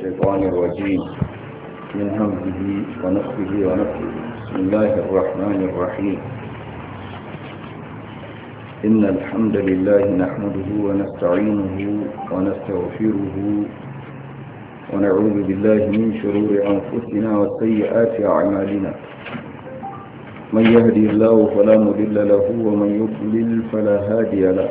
الشيطان الرجيم من همزه ونفسه ونفسه بسم الله الرحمن الرحيم إن الحمد لله نحمده ونستعينه ونستغفره ونعوذ بالله من شرور أنفسنا وسيئات أعمالنا من يهدي الله فلا مضل له ومن يضلل فلا هادي له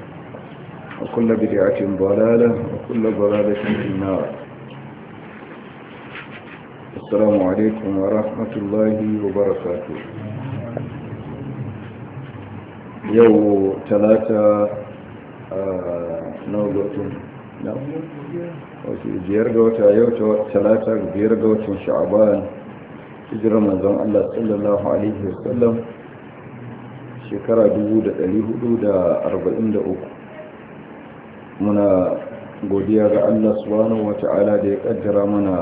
وكل بدعة ضلالة وكل ضلالة في النار السلام عليكم ورحمة الله وبركاته يوم ثلاثة نولتم biyar ga wata yau ta talata biyar ga watan sha'aban hijirar manzon Allah sallallahu alaihi wasallam shekara 1443 muna godiya ga Allah subhanahu wata'ala da ya kaddara mana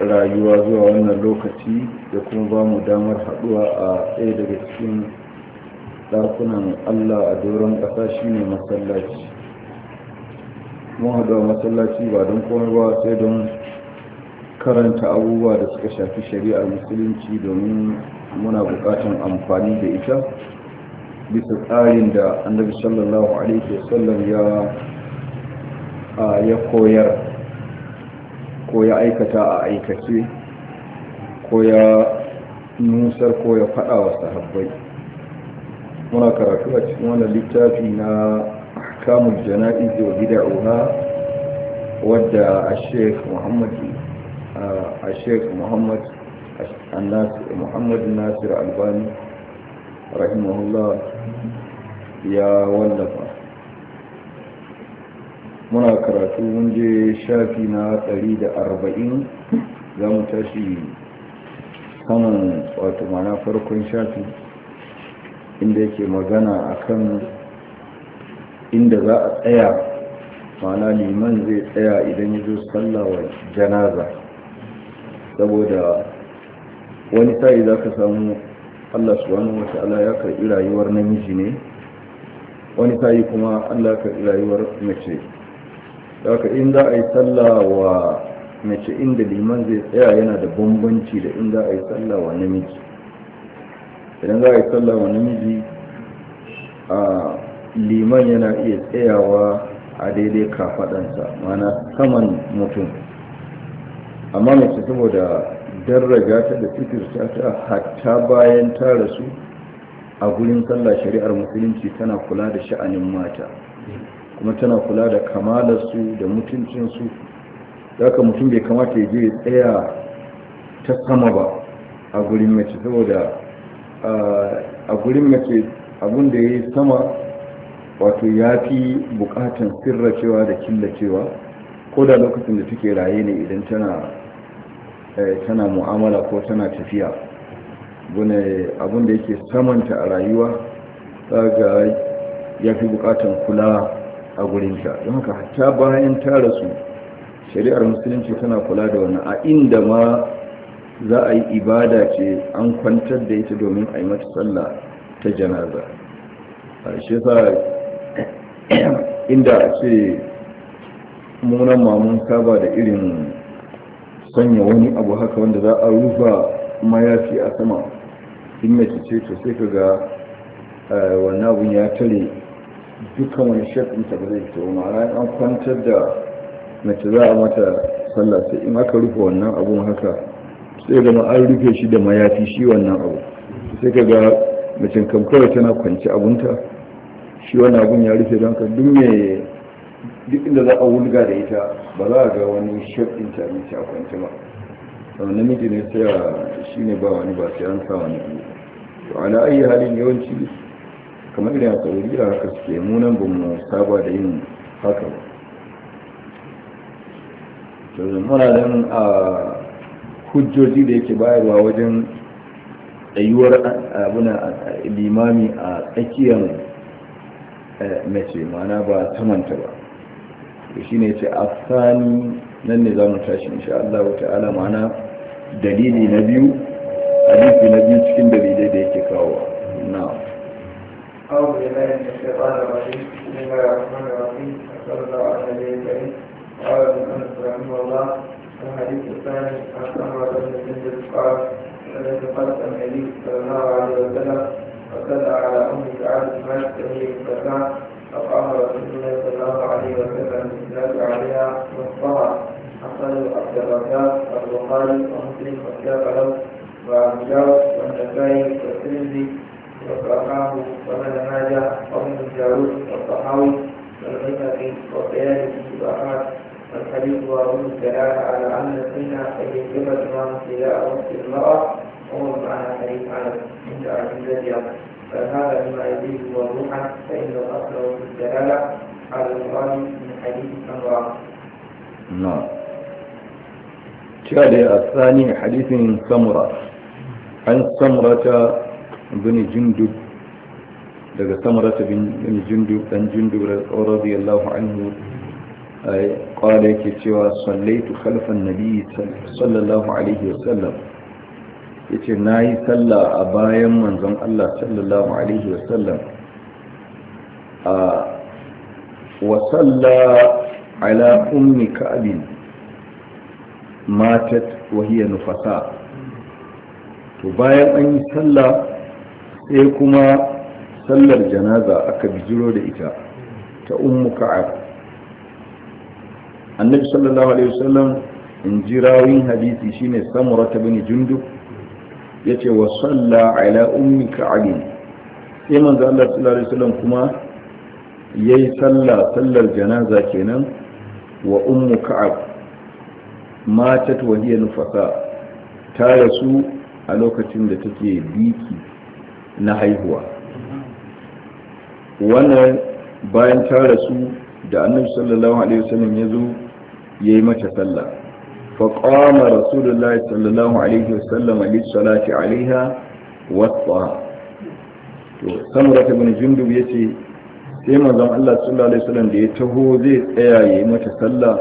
rayuwa zuwa wannan lokaci da kuma ba mu damar haduwa a ɗaya daga cikin ɗakunan Allah a doron ƙasa ne masallaci mun haɗu a masallaci ba don komai ba sai don karanta abubuwa da suka shafi shari'ar musulunci domin muna buƙatar amfani da ita bisa tsarin da annabi sallallahu alaihi wasallam ya ya koyar ko ya aikata a aikace ko ya nusar ko ya faɗa wa sahabbai muna karatu a cikin wani littafi na kamun jana'iz wa bid'uha wadda a sheikh muhammad a sheikh muhammad nasir albani rahimahullah ya wallafa muna karatu mun je shafi na ɗari 140 za mu tashi kanan wato mana farkon shafi inda yake magana akan inda za a tsaya mana liman zai tsaya idan ya zo sallawa janaza saboda wani sa'i za ka samu Allah subhanahu wata'ala ya karɓi rayuwar namiji ne wani tayi kuma Allah karɓi rayuwar mace daga in za a yi sallawa mace inda liman zai tsaya yana da bambanci da in za a yi sallawa namiji idan za a yi sallawa namiji a liman yana iya tsayawa a daidai kafaɗansa mana saman mutum amma mace saboda darraga ta da fikirta ta hatta bayan ta rasu a gurin sallah shari'ar musulunci tana kula da sha'anin mata kuma tana kula da kamalarsu da mutuncinsu zaka mutum bai kamata ya je tsaya ta sama ba a gurin mace saboda a gurin mace abinda ya yi sama wato ya fi bukatan cewa da killacewa ko da lokacin da take raye ne idan tana Eh, tana mu'amala ko tana tafiya abin da yake samanta a rayuwa daga ya fi bukatan kula a gurinta don haka hatta bayan ta rasu shari'ar musulunci tana kula da wani a inda ma za a yi ibada ce an kwantar da ita domin a yi mata sallah ta janaza a shi sa inda ce munan mamun saba da irin sanya wani abu haka wanda za a rufa mayafi a sama in mace ce to sai ka ga eh, wani abun ya tare dukkan wani shafin ta ba zai fito ma'ana an kwantar da mace za a mata sallah sai in aka rufe wannan abun haka sai ga an rufe shi da mayafi shi wannan abu sai ka ga mace kan tana kwanci abunta shi wani abun ya rufe don ka duk mai duk inda za a wulga da ita ba za a ga wani shaɗin ta a kwanci ba sau namiji ne sai a shi ne ba wani ba sai an sa wani biyu to ala ayi halin yawanci kamar irin a sauri da haka suke munan ba mu saba da yin haka ba to muna nan a hujjoji da yake bayarwa wajen tsayuwar abuna limami a tsakiyar eh, mace mana ba samanta ba da shi ce afani nan ne za tashi insha Allah ta'ala ma'ana dalili na biyu hadisi na biyu cikin dalilai da yake kawo na من الشيطان الرجيم بسم الله الرحمن الرحيم وصلى الله على النبي الكريم قال ابن رحمه الله الحديث الثاني عن سمرة بن قال الذي قدم النبي صلى الله عليه وسلم وصلى على أم سعد مات به فقال رسول الله صلى الله عليه وسلم الاسلام عليها والصلاه حصل عبد الرزاق والبخاري ومسلم وساق له وعن جابر والنسائي والترمذي وصححه وابن ماجه وابن الجارود والطحاوي والبيهقي والبياني واحمد والحديث وابن الكلام على ان السنه ان يجب الامام ابتلاء وقت المراه وهو معنى حديث عن عند عزيز اليمن فهذا بما يزيد موضوحا فإن الأصل في الدلالة على المراد من حديث أنوار نعم الشارع الثاني حديث سمرة عن سمرة بن جندب لذا سمرة بن جندب بن جندب رضي الله عنه قال كي صليت خلف النبي صلى الله عليه وسلم yace nayi sallah a bayan manzon Allah sallallahu alaihi wasallam a wa ala ummi ka'bin matat wa hiya nufasa to bayan an yi sallah sai kuma sallar janaza aka bijiro da ita ta ummu ka'ab annabi sallallahu alaihi wasallam in jirawin hadisi shine samurata bin jundub yace wa salla ala ummi ka'ab sai manza Allah sallallahu alaihi wasallam kuma yayi salla sallar janaza kenan wa ummu ka'ab matat wa hiya nufasa ta rasu a lokacin da take biki na haihuwa wannan bayan ta rasu da annabi sallallahu alaihi wasallam ya zo yayi mata sallah فقام رسول الله صلى الله عليه وسلم للصلاة عليها والطهر samura ta bin jundub ya ce sai manzon Allah sallallahu da ya taho zai tsaya ya yi mata sallah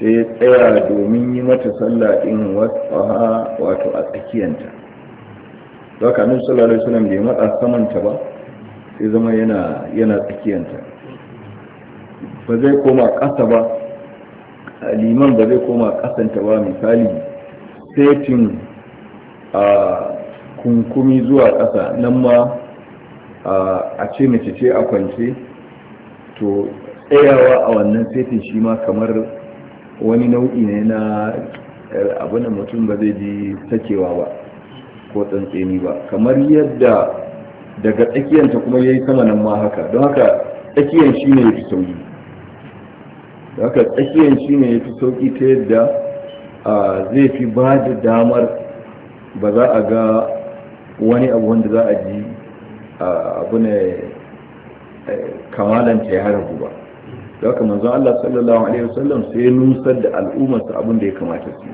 sai ya tsaya domin yi mata sallah din wasaha wato a tsakiyanta ba ka nan sallallahu alaihi wasallam bai matsa samanta ba sai zama yana tsakiyanta ba zai koma ƙasa ba liman ba zai koma kasanta ba misali setin a kunkumi zuwa kasa nan ma a ce mace ce a kwance to tsayawa a wannan setin shi ma kamar wani nau'i ne na eh, abin da mutum ba zai ji sakewa ba ko tsantseni ba kamar yadda daga tsakiyanta kuma ya yi sama nan ma haka don haka tsakiyan shi ne ya fi sauyi haka tsakiyar shi ne ya fi sauƙi ta yadda zai fi ba da damar ba za a ga wani abu wanda za a ji abu ne eh, kamalanta ya harabu ba da haka manzo Allah sallallahu alaihi wasallam sai nusar da al'ummarsa abin da ya kamata su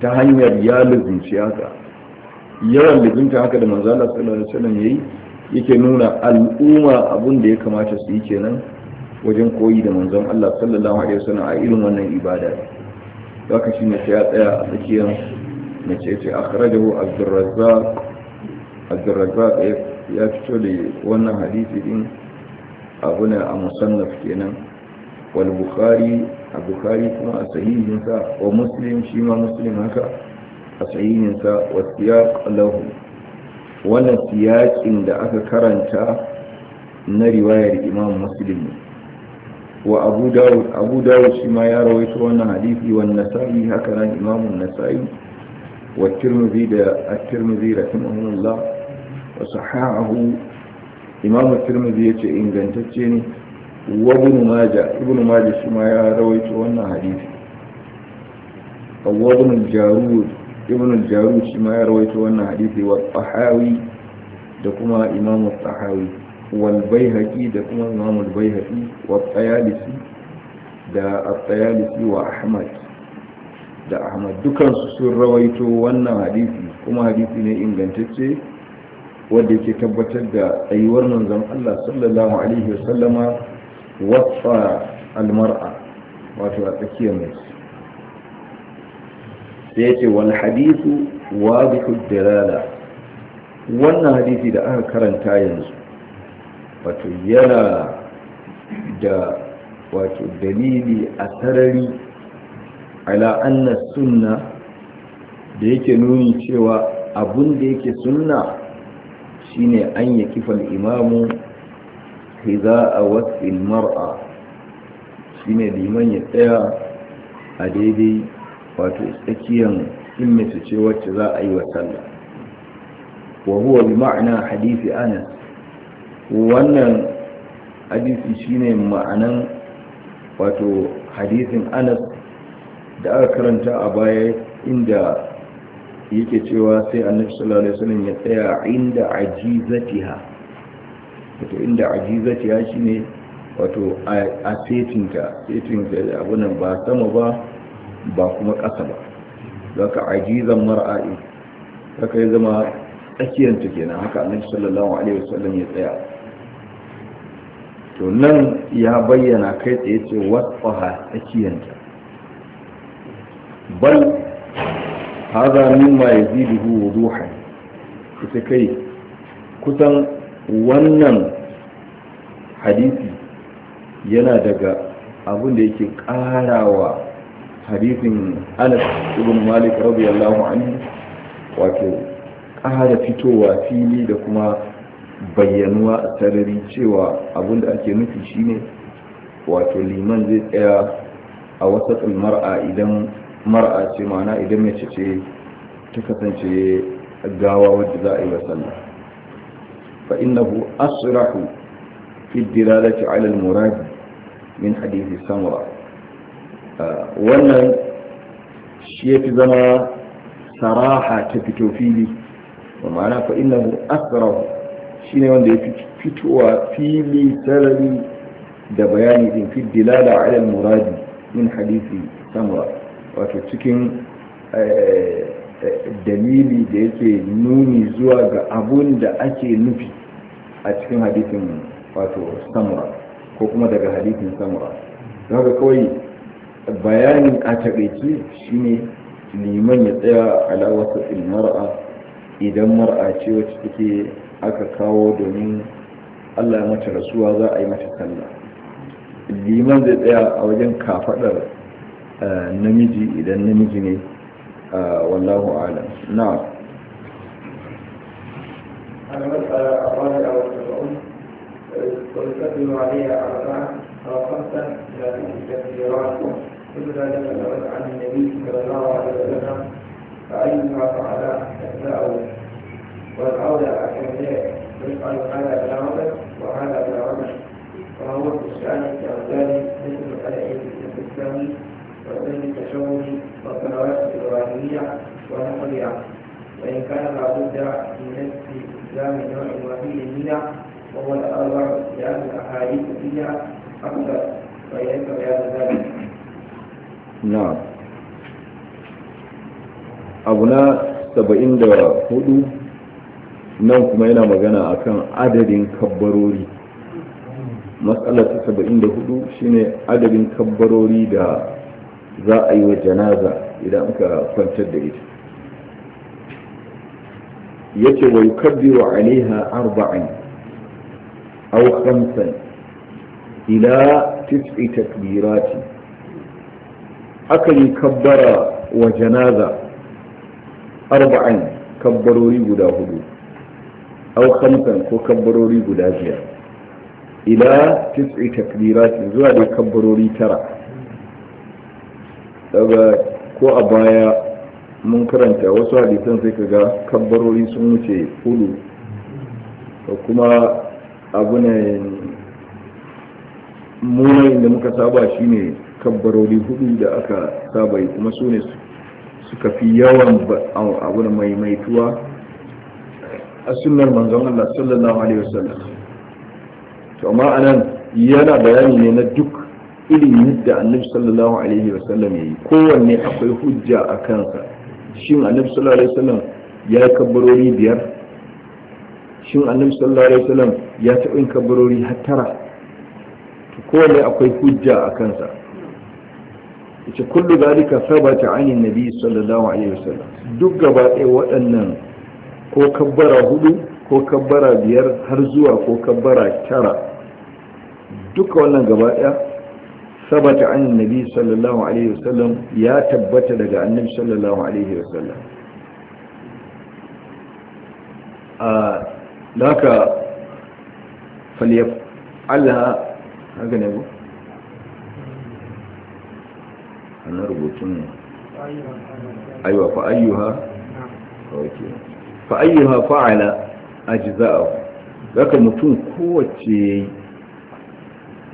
ta hanyar ya lizinci haka yawan lizinta haka da manzo Allah sallallahu alaihi wasallam yayi yake nuna al'umma abin da ya kamata su yi kenan wajen koyi da manzon Allah sallallahu alaihi wasallam a irin wannan ibada haka shine sai ya tsaya a tsakiyar mace ce akhrajahu Abdurrazzaq Abdurrazzaq ya fito da wannan hadisi din abu ne a musannaf kenan wal bukhari a bukhari kuma a sahihin sa wa muslim shi ma muslim haka a sahihin sa wa siyaq lahu wannan siyaqin da aka karanta na riwayar imam muslim ne wa abu dawud abu dawud shi ma ya rawaito wannan hadisi wa nasa'i haka nan imamu nasa'i wa tirmidhi da at-tirmidhi rahimahullah wa sahahu imamu tirmidhi yace ingantacce ne wa ibn majah ibn majah shi ma ya rawaito wannan hadisi wa ibn jarud ibn jarud shi ma ya rawaito wannan hadisi wa tahawi da kuma imamu tahawi والبيهقي ده كما tsayalisi da والطيالسي tsayalisi wa ahmad da أحمد dukansu sun rawaito wannan حديثي kuma حديثي ne ingantacce wadda ke tabbatar da tsayuwar manzan Allah sallallahu alaihi wasallama wasa almar'a wato a tsakiyar mai sai yace wal hadithu wadhihu dalala wannan hadisi da aka karanta yanzu wato yana da wato dalili a sarari ala anna sunna da yake nuni cewa abun da yake sunna shine an ya kifa imamu hiza a wasil mar'a shine liman ya tsaya a daidai wato tsakiyan himmatu ce wacce za a yi wa sallah wa huwa bi ma'ana hadisi anas wannan hadisi shine ma'anan wato hadisin anas da aka karanta a baya inda yake cewa sai annabi sallallahu alaihi wasallam ya tsaya inda ajizatiha wato inda ajizatiha shine wato a setinta da abunan ba sama ba ba kuma ƙasa ba zaka ajizan mar'a'i zaka yi zama tsakiyanta kenan haka annabi sallallahu alaihi wasallam ya tsaya to nan ya bayyana kai tsaye ce a tsakiyanta bal haza mimma yaziduhu wuduhan ita kai kusan wannan hadisi yana daga abin da yake karawa hadisin anas ibn malik radiyallahu anhu wato ƙara fitowa fili da kuma bayyanuwa a sarari cewa abunda ake nufi shine wato liman zai tsaya a wasatul mar'a idan mar'a ce mana idan mace ce ta kasance gawa wadda za a yi wa sallah fa hu asrahu fi da ala al-murad min hadisi samura wannan shi yafi zama saraha ta fito fili ma'ana fa innahu asrahu ne wanda ya fitowa fili sarari da bayani din fi dilala ala muradi min hadisi samura wato cikin eh, eh, dalili da yake nuni zuwa ga abun da ake nufi a cikin hadisin wato samura ko kuma daga hadisin samura haka kawai bayani a shi ne liman ya tsaya ala wasu ilmar'a idan mar'a ce wacce take aka kawo domin allah ya mata rasuwa za a yi mata sallah liman zai tsaya a wajen kafadar eh, namiji idan namiji ne eh, wallahu alam eh, na ويقدم عليها أربعة أو خمسة لكن تكبيرات كل ذلك ثبت عن النبي صلى الله عليه وسلم فأي ما فعل أساءه والعودة أكملين يفعل هذا بالعودة وهذا بالعمل وهو في الشأن كأمثال مثل الأدعية الإسلامي وسن التشوه والصلوات الإبراهيمية ونحوها وإن كان لابد من نفس إسلام نوع واحد منها وهو الأربع لأن الأحاديث فيها أكثر وإليك بيان ذلك. نعم. أبناء na saba'in da nan kuma yana magana akan adadin kabbarori matsala ta saba'in da hudu shine adadin kabbarori da za a yi wa janaza idan aka kwantar da ita ya ce wa yukabbiru alaiha arba'in aw khamsan ila tis'i takbirati aka yi kabbara wa janaza arba'in kabbarori guda hudu au ko kabbarori guda biyar ila tis'i takbiratin zuwa da kabbarori tara daga ko a baya mun karanta wasu hadisan sai kaga kabbarori sun wuce hudu da kuma abu ne da muka saba shine kabbarori hudu da aka saba yi kuma su ne suka fi yawan abu na maimaituwa a sunnar manzon Allah sallallahu alaihi wasallam to amma anan yana bayani ne na duk irin da annabi sallallahu alaihi wasallam yi kowanne akwai hujja a kansa shin annabi sallallahu alaihi wasallam ya yi kabbarori biyar shin annabi sallallahu alaihi wasallam ya taɓa yin kabbarori har tara to kowanne akwai hujja a kansa ita kullu zalika sabata anin nabi sallallahu alaihi wasallam duk gaba ɗaya waɗannan ko kabbara hudu ko kabbara biyar har zuwa ko kabbara tara duka wannan gaba daya sabata an nabi sallallahu alaihi wasallam ya tabbata daga annabi sallallahu alaihi wasallam a laka Allah haka ne ba ana rubutun aiwa fa ayyuha fa ayyuha fa'ala ajza'u zaka mutum kowace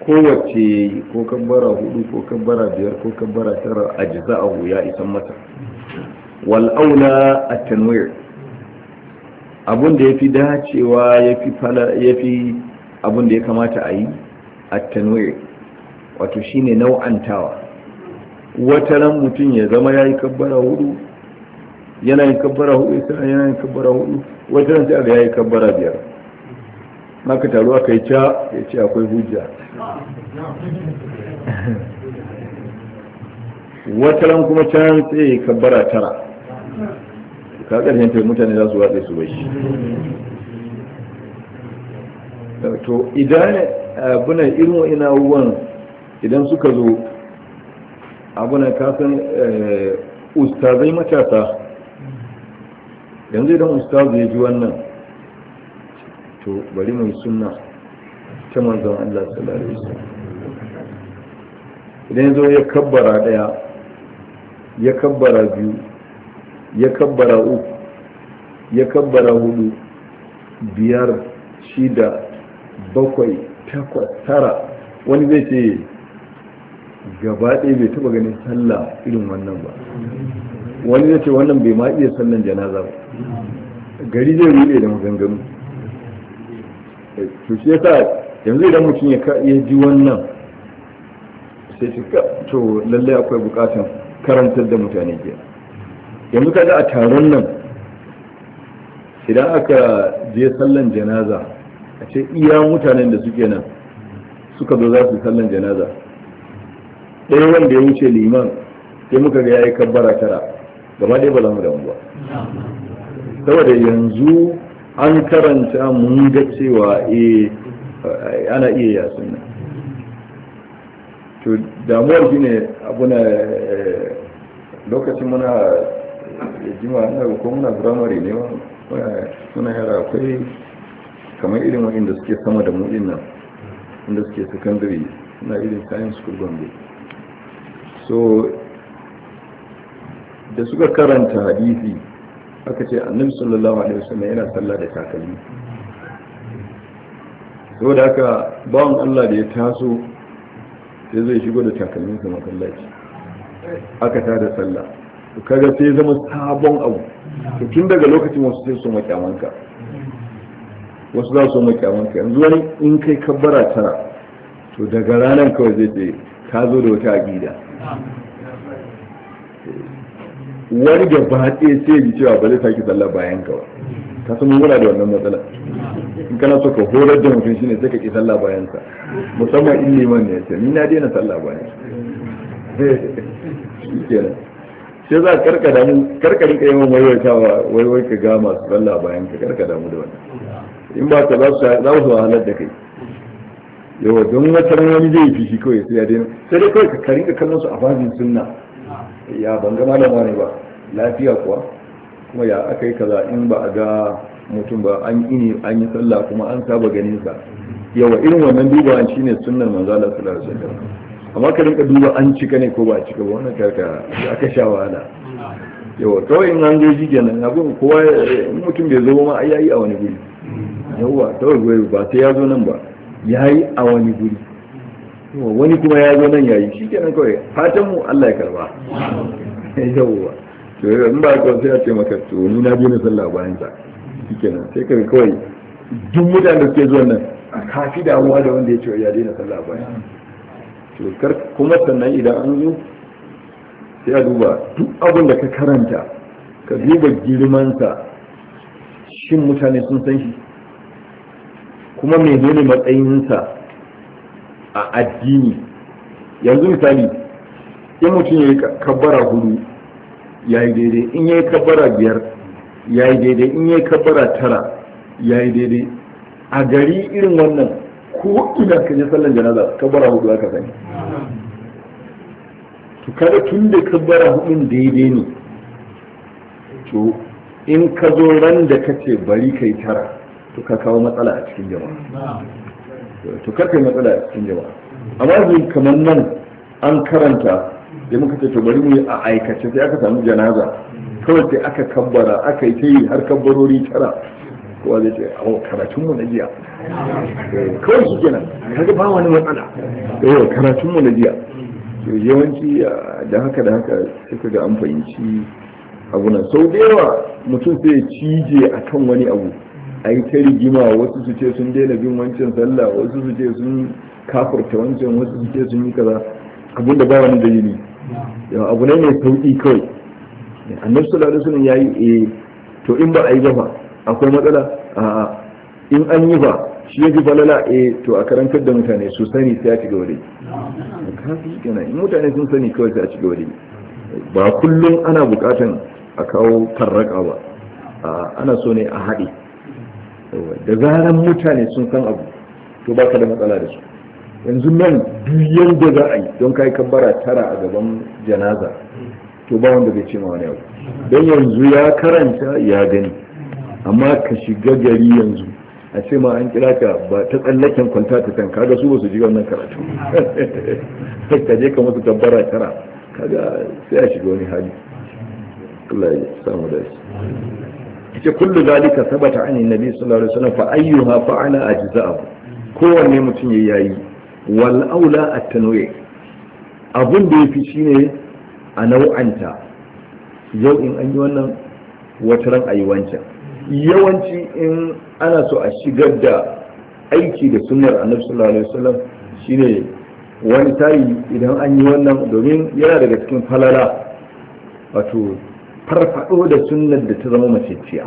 kowace ko kabbara hudu ko kabbara biyar ko kabbara tara ajza'u ya isan mata wal aula at-tanwir abun da yafi dacewa yafi fala yafi abun da ya kamata a yi at-tanwir wato shine nau'antawa ran mutum ya zama yayi kabbara hudu yana yin kabbara hudu sai yana yin kabbara hudu wata ran sai aga yayi kabbara biyar maka taro aka yi ca ya ce akwai hujja wata ran kuma can sai yi kabbara tara ka karshen ta mutane za su watsa su bai to idan abuna irin ina abubuwan idan suka zo abuna kasan eh, ustazai matasa yanzu idan ustazu ya ji wannan to bari mai sunna ta manzan Allah sallallahu idan ya zo ya kabbara daya ya kabbara biyu ya kabbara uku ya kabbara hudu biyar shida bakwai takwas tara wani zai ce gaba ɗaya bai taɓa ganin sallah irin wannan ba wani ya ce wannan bai ma iya sallan janaza ba gari zai rube da maganganu to shi yasa yanzu idan mutum ya ji wannan sai shi to lallai akwai bukatun karantar da mutane ke yanzu kada a taron nan idan aka je sallan janaza a ce iya mutanen da suke nan suka zo za su sallan janaza ɗaya wanda ya wuce liman sai muka ga ya yi kabbara tara gaba dai ba lamu mu damu ba saboda yanzu an karanta mun ga cewa eh ana iya yasin nan to damuwar shi ne abuna eh, lokacin muna eh, jima na ko muna firamare ne suna yara akwai kamar irin inda suke sama da mu'in nan inda suke secondary na irin science school gombe so da suka karanta hadisi aka ce annabi sallallahu alaihi wasallam yana sallah da takalmi saboda haka bawan Allah da ya taso sai zai shigo da sa masallaci aka tada sallah to kaga sai zama sabon abu to tun daga lokacin wasu sai su makyamanka wasu za su makyamanka yanzu wani in kai kabbara tara to daga ranar kawai zai ce ka zo da wata agida. wani gaba haɗe sai ya cewa ba zai sake sallah bayan ka ba ka san muna da wannan matsala in kana so ka horar da mutum shine sai ka ki sallah bayan ka musamman in liman ne sai ni na daina sallah bayan ka sai za ka karkada mu karkari ka wai waiwaitawa waiwai ka ga masu sallah bayan ka karkada mu da wannan in ba ka za su za halar da kai Yau, don wata ranar zai fi shi kawai sai ya daina sai dai kawai ka karin ka kallon su a babin sunna ya ban ga malam wani ba lafiya kuwa kuma ya aka yi kaza in ba a ga mutum ba an ne an yi sallah kuma an saba ganin sa yawa irin wannan an shine sunnar manzo Allah sallallahu alaihi wasallam amma ka rinka duba an cika ne ko ba a cika ba wannan karka aka sha wahala yawa kawai in an zo ji kenan abin kowa mutum bai zo ma ai yayi a wani guri yawa kawai ba sai ya zo nan ba yayi a wani guri wani kuma ya zo nan yayi shi kenan kawai fatan mu Allah ya karba yawwa to in ba ka sai a ce maka to ni na je sallah bayan sa shi kenan sai ka kawai duk mutanen da suke zuwa nan a kafi damuwa da wanda ya ce ya daina sallah bayan to kar kuma sannan idan an zo sai a duba duk abin da ka karanta ka duba girman sa. shin mutane sun san shi kuma menene matsayin sa. a addini yanzu misali in mutum ya yi kabbara hudu ya yi daidai in ya yi kabbara biyar ya yi daidai in ya yi kabbara tara ya yi daidai a gari irin wannan ko ina ka je sallan janaza kabbara hudu aka sani to kada tun da kabbara hudu daidai ne to in ka zo ran da kace bari kai tara to ka kawo matsala a cikin jama'a to karfe matsala cikin jama'a amma yanzu kamar nan an karanta da muka ce to bari mu yi a aikace sai aka samu janaza kawai sai aka kabbara aka yi ta yi har kabbarori tara kowa zai ce a karatun mu na jiya kawai shi kenan kaga ba wani matsala eh karatun mu na jiya to yawanci ah, da haka da haka suka ga an fahimci abu nan sau da yawa mutum sai ya cije akan wani abu an ta rigima wasu su ce sun daina bin wancan sallah wasu su ce sun kafurta wancan wasu su ce sun yi kaza abin da ba wani dalili abu ne mai sauki kawai annabi sallallahu alaihi wasallam yayi eh to in ba a yi ba akwai matsala a in an yi ba shi ya fi falala eh to a karantar da mutane su sani sai a ci gaba dai yi kafi kana in mutane sun sani kawai sai a ci gaba dai ba kullum ana bukatan a kawo farraka ba ana so ne a haɗe da zaran mutane sun san abu to ba da matsala da su yanzu nan duk yanda za a yi don kai kabbara tara a gaban janaza to ba wanda bai ce ma wani abu don yanzu ya karanta ya gani amma ka shiga gari yanzu a ce ma an kira ka ba ta tsallaken kwanta ta kan kaga su ba su ji wannan karatu ka je ka musu tabbara tara kaga sai a shiga wani hali Allah yace kullu zalika sabata anin nabi sallallahu alaihi wasallam fa ayyuha fa'ala ajza'u kowanne mutum yayi yayi wal aula at-tanwi' abun da yafi shine a nau'anta yau in an yi wannan wata ran ayi wancan yawanci in ana so a shigar da aiki da sunnar annabi sallallahu alaihi wasallam shine wani tari idan an yi wannan domin yana daga cikin falala wato farfado da sunnar da ta zama maceciya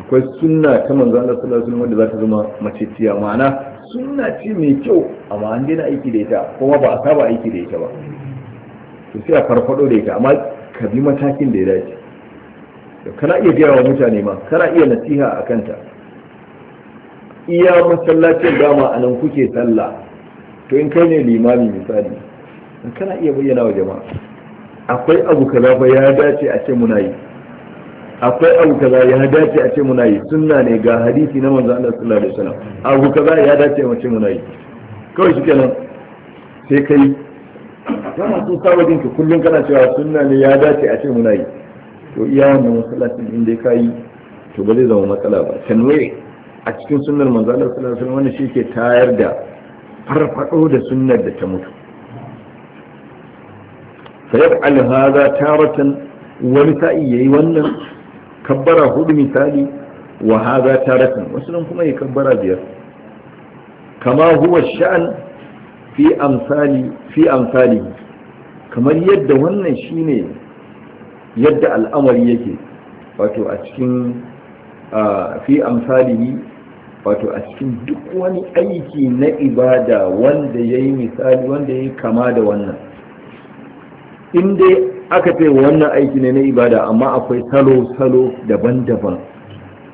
akwai sunna ta manzo Allah sallallahu alaihi wasallam za ta zama maceciya ma'ana sunna ce mai kyau amma an daina aiki da ita kuma ba a saba aiki da ita ba to sai a farfado da ita amma ka bi matakin da ya dace To kana iya gaya wa mutane ma kana iya nasiha a kanta iya masallacin dama a nan kuke sallah to in kai ne limami misali kana iya bayyana wa jama'a akwai abu kaza ba ya dace a ce muna yi akwai abu kaza ya dace a ce muna yi sunna ne ga hadisi na manzo Allah sallallahu alaihi wasallam abu kaza ya dace a ce muna yi kawai kenan sai kai kana so saba ka kullun kana cewa sunna ne ya dace a ce muna yi to iya wannan masallacin inda ka yi to ba zai zama matsala ba waye a cikin sunnar manzo Allah sallallahu alaihi wasallam wannan shi ke tayar da farfado da sunnar da ta mutu فيفعل هذا تارة ولسائي يوانا كبر هدو مثالي وهذا تارة وسلم كما يكبر بير كما هو الشأن في أمثال في أمثاله كما يد وانا شيني يد الأمر يكي wato a cikin fi amsalihi wato a cikin duk wani aiki na ibada wanda ya yi misali wanda ya yi kama da wannan in dai aka ce wannan aiki ne na ibada amma akwai salo-salo daban-daban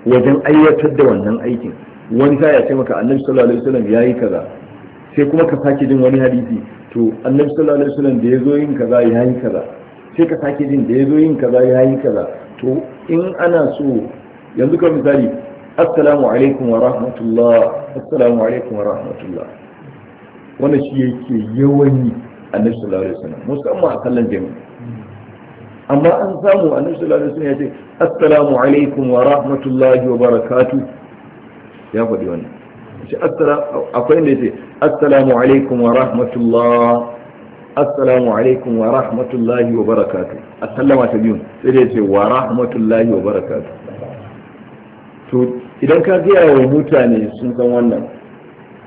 wajen ayyatar da wannan aikin wani sa ya ce maka annabi sallallahu alaihi wasallam yayi kaza sai kuma ka sake jin wani hadisi to annabi sallallahu alaihi wasallam da yazo yin kaza yayi kaza sai ka sake jin da yazo yin kaza yayi kaza to in ana so yanzu ka misali assalamu alaikum wa rahmatullah assalamu alaikum wa rahmatullah wannan shi yake yawan annabi sallallahu alaihi wasallam musamman a kallon jami'i amma an samu annabi sallallahu alaihi wasallam ya ce assalamu alaikum wa rahmatullahi wa barakatu ya faɗi wannan shi akwai inda ya ce assalamu alaikum wa rahmatullah assalamu alaikum wa rahmatullahi wa barakatu a sallama ta biyun sai dai ce wa rahmatullahi wa barakatu to idan ka gaya wa mutane sun san wannan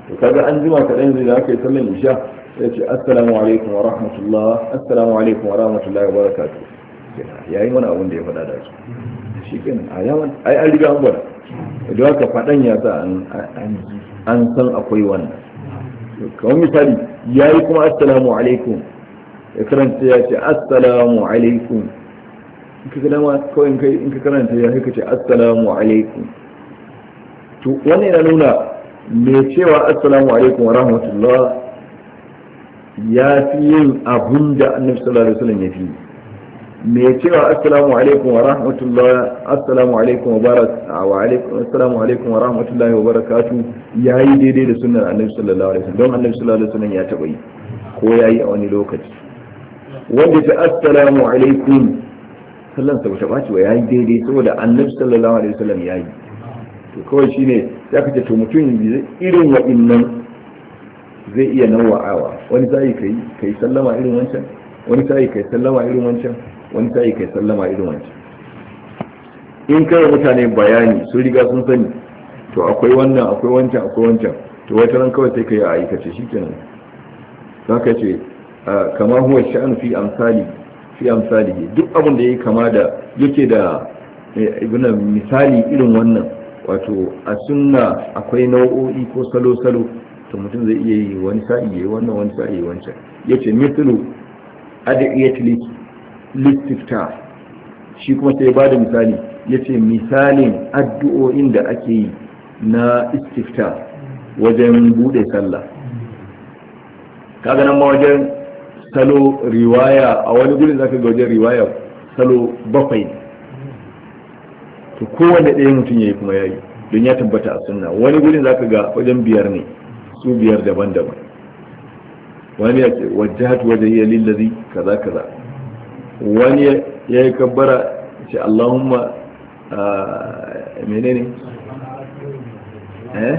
to kaga an jima kaɗan zai da aka yi sallan isha ya ce assalamu alaikum wa rahmatullah assalamu alaikum wa rahmatullah wa barakatu ya yi mana abin da ya faɗa da su shi nan a yawan ai an riga an gwada idan haka faɗan ya sa an san akwai wannan kamar misali ya yi kuma assalamu alaikum ya karanta ya ce assalamu alaikum in ka dama kawai in ka karanta ya haka ce assalamu alaikum to wannan yana nuna mai cewa assalamu alaikum wa rahmatullah ya fi yin abun da annabi sallallahu alaihi wasallam ya fi me cewa assalamu alaikum wa rahmatullahi assalamu alaikum wa barak wa alaikum assalamu alaikum wa rahmatullahi wa barakatuh yayi daidai da sunnar annabi sallallahu alaihi wasallam don annabi sallallahu alaihi wasallam ya taba yi ko yayi a wani lokaci wanda ta assalamu alaikum sallan sa bata baci wa yayi daidai saboda annabi sallallahu alaihi wasallam yayi to kawai shine ya kace to mutum irin wa'innan zai iya awa wani zai kai kai sallama irin wancan wani sa'i kai sallama irin wancan wani sa'i kai sallama irin wancan in kai mutane bayani sun riga sun sani to akwai wannan akwai wancan akwai wancan to wata ran kawai sai kai a aikace shikenan zaka ce kama huwa sha'an fi amsali fi amsali duk abin da yake kama da yake da eh, ibn misali irin wannan wato a sunna akwai nau'o'i ko salo-salo to mutum zai iya yi wani sa'i yayi wannan wani sa'i yayi wancan yace mithlu adiyat listifta shi kuma sai ba da misali yace misalin addu'o'in da ake yi na istifta wajen bude sallah kaga nan ma wajen salo riwaya a wani gurin zaka ga wajen riwaya salo bakwai to kowane ɗaya mutum yayi kuma yayi don ya tabbata a sunna wani gurin zaka ga wajen biyar ne su biyar daban-daban wani ya ce wajahatu wajen yi lillazi kaza kaza wani ya yi kabbara ce allahumma menene eh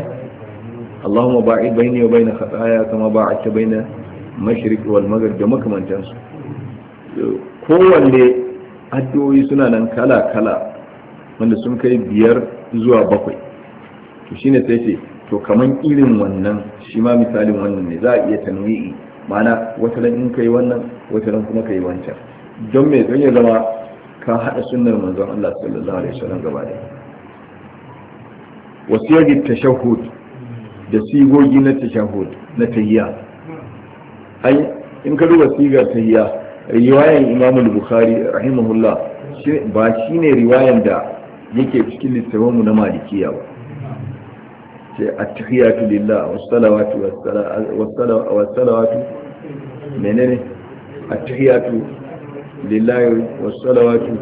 allahumma ba'id baini wa baina khataya kama ba'adta baina mashriq wal maghrib da makamantansu kowanne addu'o'i suna nan kala kala wanda sun kai biyar zuwa bakwai to shine sai ce to kaman irin wannan shi ma misalin wannan ne za a iya tanwi'i mana wata ran in kai wannan wata ran kuma kai wancan don mai don ya zama ka haɗa sunan manzon Allah sallallahu alaihi wasallam gaba da wasiyar tashahhud da sigogi na tashahhud na tahiyya ai in ka duba sigar tahiyya riwayan Imam al-Bukhari rahimahullah ba shine riwayan da yake cikin littafin mu na Malikiya ba sai at-tahiyatu lillah was-salawatu was-salawatu menene at lillah was-salawatu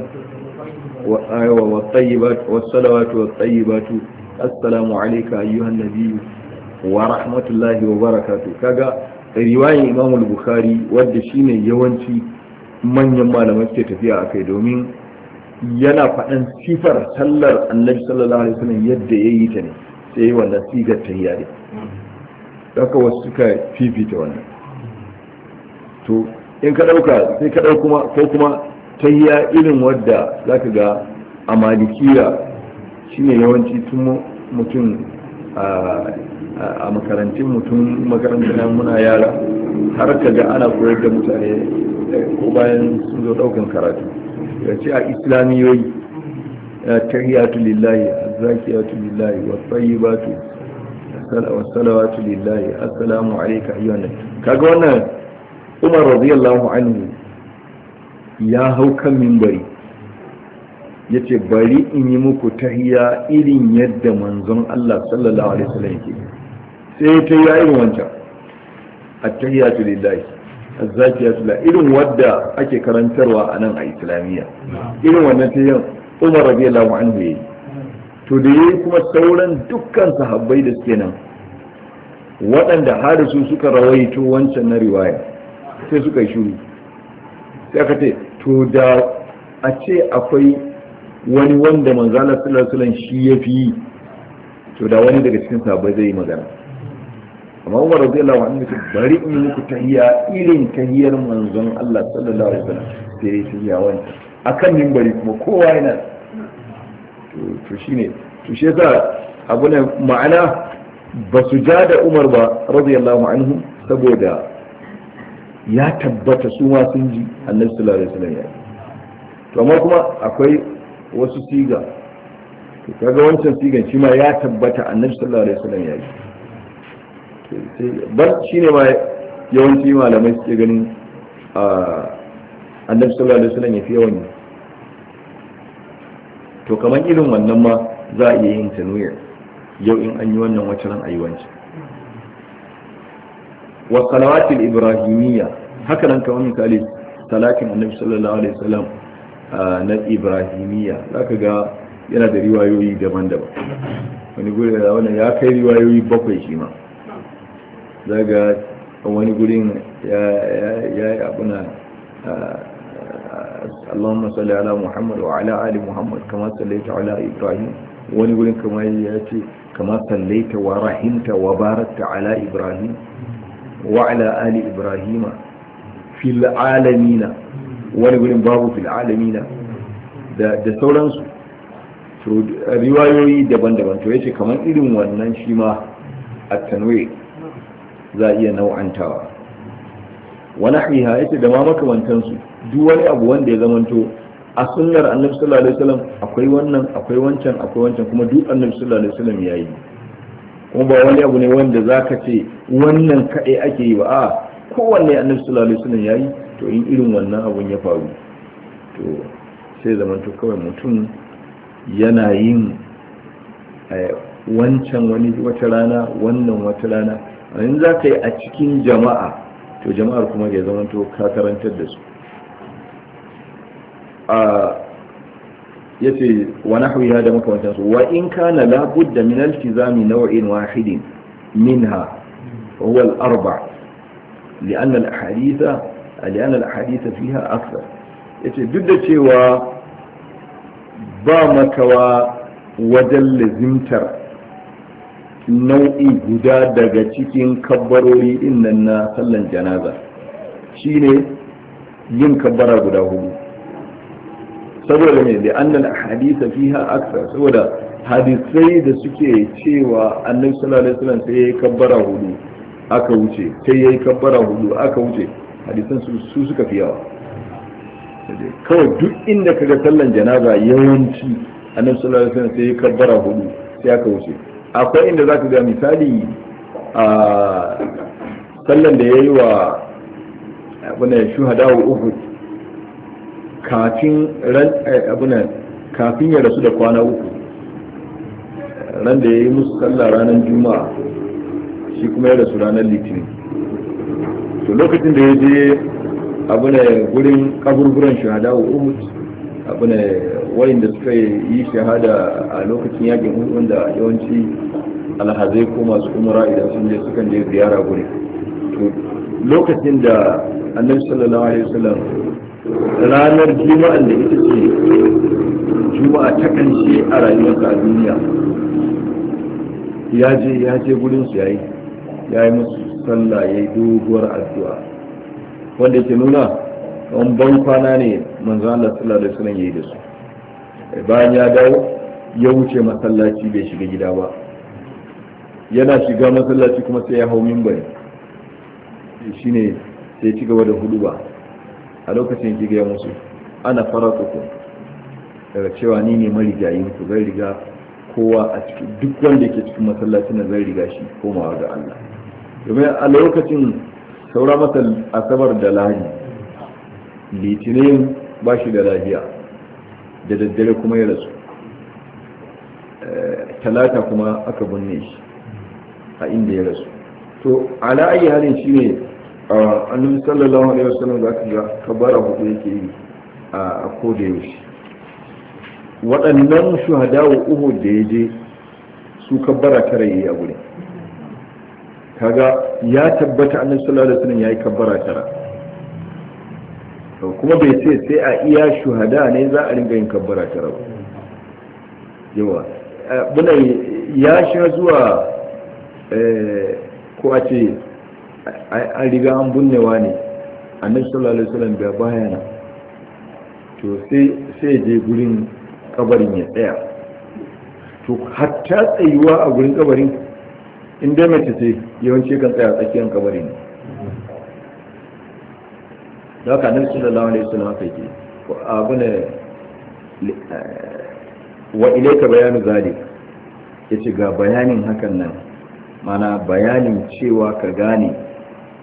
wa aywa wat-tayyibatu was-salawatu wat-tayyibatu assalamu alayka ayyuhan nabiy wa rahmatullahi wa barakatuh kaga riwayin Imam al-Bukhari wanda shine yawanci manyan malaman suke tafiya akai domin yana faɗan sifar sallar annabi sallallahu alaihi wasallam yadda yayi ta ne sai wannan sigar ta yare daga wasu suka fifita wannan to in ka ɗauka sai ka dauka kuma ko kuma ta ya irin wadda za ka ga a malikiya ne yawanci tun mutum a makarantun mutum makarantar muna yara har ka ga ana koyar da mutane ko bayan sun zo ɗaukan karatu ya ce a islamiyoyi yi lillahi والزاكيات لله والطيبات والصلوات لله السلام عليك أيها النبي كاغونا عمر رضي الله عنه يا هو كم yace bari in yi muku tahiya irin yadda manzon Allah sallallahu alaihi wasallam yake sai ta yi irin wancan at-tahiyatu lillahi az-zakiyatu lillahi irin wadda ake karantarwa a nan a islamiyya irin wannan Umar radiyallahu anhu yayi to da yayi kuma sauran dukkan sahabbai da suke nan waɗanda har su suka rawaito wancan na riwaya sai suka yi shuru sai aka ce to da a ce akwai wani wanda manzala sallallahu alaihi shi ya fi to da wani daga cikin sahabbai zai yi magana amma umar radiyallahu anhu ce bari in muku tahiya irin tahiyar manzon Allah sallallahu alaihi wasallam sai ya tahiya wani akan minbari kuma kowa yana to shine to shi yasa abu ne ma'ana ba su ja da Umar ba radiyallahu anhu saboda ya tabbata su ma sun ji Annabi sallallahu alaihi wasallam ya to amma kuma akwai wasu siga to kaga wancan sigan shi ma ya tabbata Annabi sallallahu alaihi wasallam ya ji bar shine ma yawanci malamai suke ganin ah, annabi sallallahu alaihi wasallam ya fi yawan to kamar irin wannan ma za a iya yin nuyar, yau in an yi wannan wacce ran ayi wancan wa salawatil ibrahimiyya haka nan kamar misali salatin annabi sallallahu alaihi wasallam na ibrahimiyya zaka ga yana da riwayoyi daban-daban wani guri da wannan ya kai riwayoyi bakwai shi ma zaga wani gurin ya yi abuna اللهم صل على محمد وعلى آل محمد كما صليت على إبراهيم ونقول كما يأتي كما صليت ورحمت وباركت على إبراهيم وعلى آل إبراهيم في العالمين ونقول باب في العالمين da sauransu riwayoyi daban-daban to yace kamar irin wannan shi ma a tanwe za a iya nau'antawa wani haiha yace da ma makamantansu duk wani abu wanda ya zamanto a sunnar annabi sallallahu alaihi wasallam akwai wannan akwai wancan akwai wancan kuma duk annabi sallallahu alaihi wasallam yayi kuma ba wani abu ne wanda zaka ce wannan kaɗai ake yi ba a kowanne annabi sallallahu alaihi wasallam yayi to in irin wannan abun ya faru to sai zamanto kawai mutum yana yin eh, wancan wani wata rana wannan wata rana in za ka yi a cikin jama'a to jama'ar kuma ya zamanto ka karantar da su ya ce wa nahwi da makamantansu wa in kana labudda min alfizami nau'in wahidin minha huwa al-arba li'an al-ahaditha li'an al-ahaditha fiha akthar yace duk da cewa ba makawa wajen lazimtar nau'i guda daga cikin kabbarori din nan na sallan janaza shine yin kabbara guda hudu saboda me da hadisa fi fiha aksa saboda hadisai da suke cewa annabi sallallahu alaihi wasallam sai yayi kabbara hudu aka wuce sai yayi kabbara hudu aka wuce hadisan su suka fi yawa kawai duk inda kaga sallan janaza yawanci annabi sallallahu alaihi wasallam sai yayi kabbara hudu sai aka wuce akwai inda zaka ga misali a sallan da yayi wa wannan shuhada uhud kafin eh, kafin ya rasu da kwana uku ran da ya yi musu sallah ranar juma'a shi kuma ya rasu ranar litinin to lokacin da ya je ne gurin kaburburan shahada wa umut wayin wayanda suka yi shahada a lokacin yakin hudun da yawanci alhazai ko masu umara idan sun je sukan je ziyara guri to lokacin da annabi sallallahu alaihi wasallam ranar juma'a da ita ce juma'a ta kanshe a rayuwarsa a duniya ya je ya je gurin su yayi ya yi musu sallah ya yi doguwar addu'a wanda ke nuna an ban kwana ne manzo Allah sallallahu alaihi wasallam yayi da su eh, bayan ya dawo ya wuce masallaci bai shiga gida ba yana shiga masallaci kuma sai ya hau minbari shine sai ci gaba da huduba a lokacin ki gaya musu ana fara faratuku daga cewa ni ne marigayin ku zai riga kowa a cikin duk wanda ke cikin masallacin na zai riga shi komawa ga Allah domin a lokacin saura mata asabar da lahi, litinin ba shi da lahiya, da daddare kuma ya rasu eh, talata kuma aka binne shi a inda ya rasu to ala ayi halin shi ne annabi sallallahu alaihi wasallam za ka ga kabara hudu yake yi a koda yaushe waɗannan wa uhu da ya je su kabara tara yi a gurin kaga ya tabbata annabi sallallahu alaihi wasallam yayi kabbara tara kuma bai ce sai a iya shuhada ne za a ringa yin kabbara tara ba yawa buna ya shiga zuwa eh, ko a ce an riga an bunnewa ne annabi sallallahu alaihi wasallam bayana to sai je gurin kabarin ya tsaya to hatta tsayuwa a gurin kabarin inda mace ce yawanci kan tsaya tsakiyar kabarin da haka annabi sallallahu alaihi wasallam haka yake abu ne eh, wa ilaika bayanu zalik yace ga bayanin hakan nan mana bayanin cewa ka gane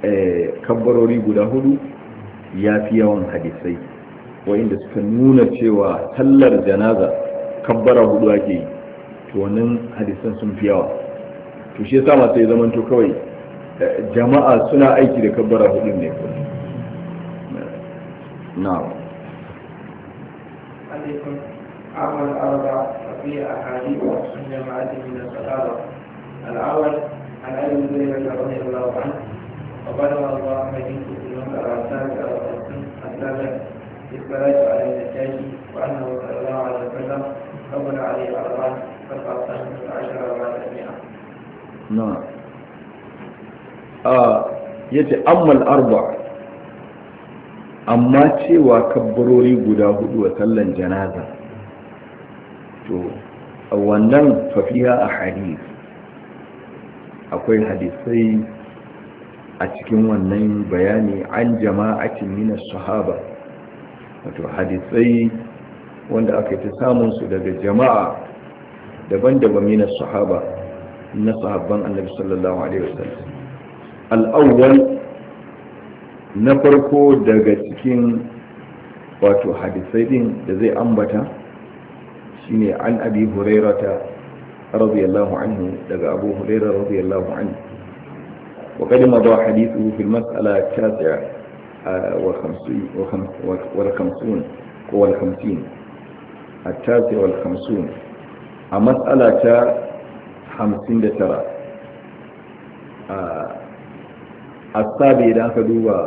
Eh, kabbarori guda hudu ya fi yawan hadisai wa'inda suka nuna cewa tallar janaza kabbara hudu ake yi to wannan hadisan sun fi yawa to shi yasa masu ya zamanto kawai eh, jama'a suna aiki da kabbara hudu ne kawai na الأول عن أبي هريرة رضي الله عنه وبلغ الله حديث سلمان العساك الرسول السابع بالصلاة على النجاشي وأنه صلى الله عليه وسلم قبل عليه الأربعة سبعة عشر أربعة نعم آه yace ammal arba amma cewa kabbarori guda hudu a sallan janaza to wannan fafiya a hadis akwai hadisai a cikin wannan bayani an jama'atin Minas sahaba wato hadisai wanda aka ta samun su daga jama'a daban-daban Minas sahaba na sahabban annabi sallallahu alaihi wasallam al-awwal na farko daga cikin wato hadisai din da zai ambata shine an abi hurairata radiyallahu anhu daga abu hurairah radiyallahu anhu وقد مضى حديثه في المسألة التاسعة والخمسون والخمسين التاسع والخمسون المسألة خمسين لترى السابع إذا أخذوا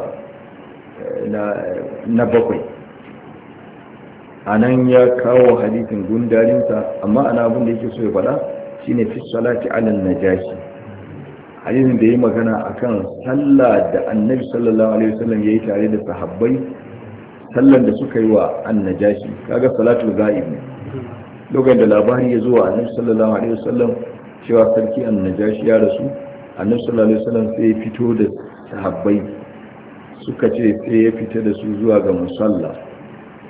نبقي anan ya kawo hadisin gundarinsa amma ana abin da yake so ya faɗa shine fi salati alal najashi hadisin da ya magana akan sallah da annabi sallallahu alaihi wasallam yayi tare da sahabbai sallan da suka yi wa annajashi kaga salatul ghaib ne lokacin da labari ya zo wa annabi sallallahu alaihi wasallam cewa sarki annajashi ya rasu annabi sallallahu alaihi wasallam sai ya fito da sahabbai suka ce sai ya fita da su zuwa ga musalla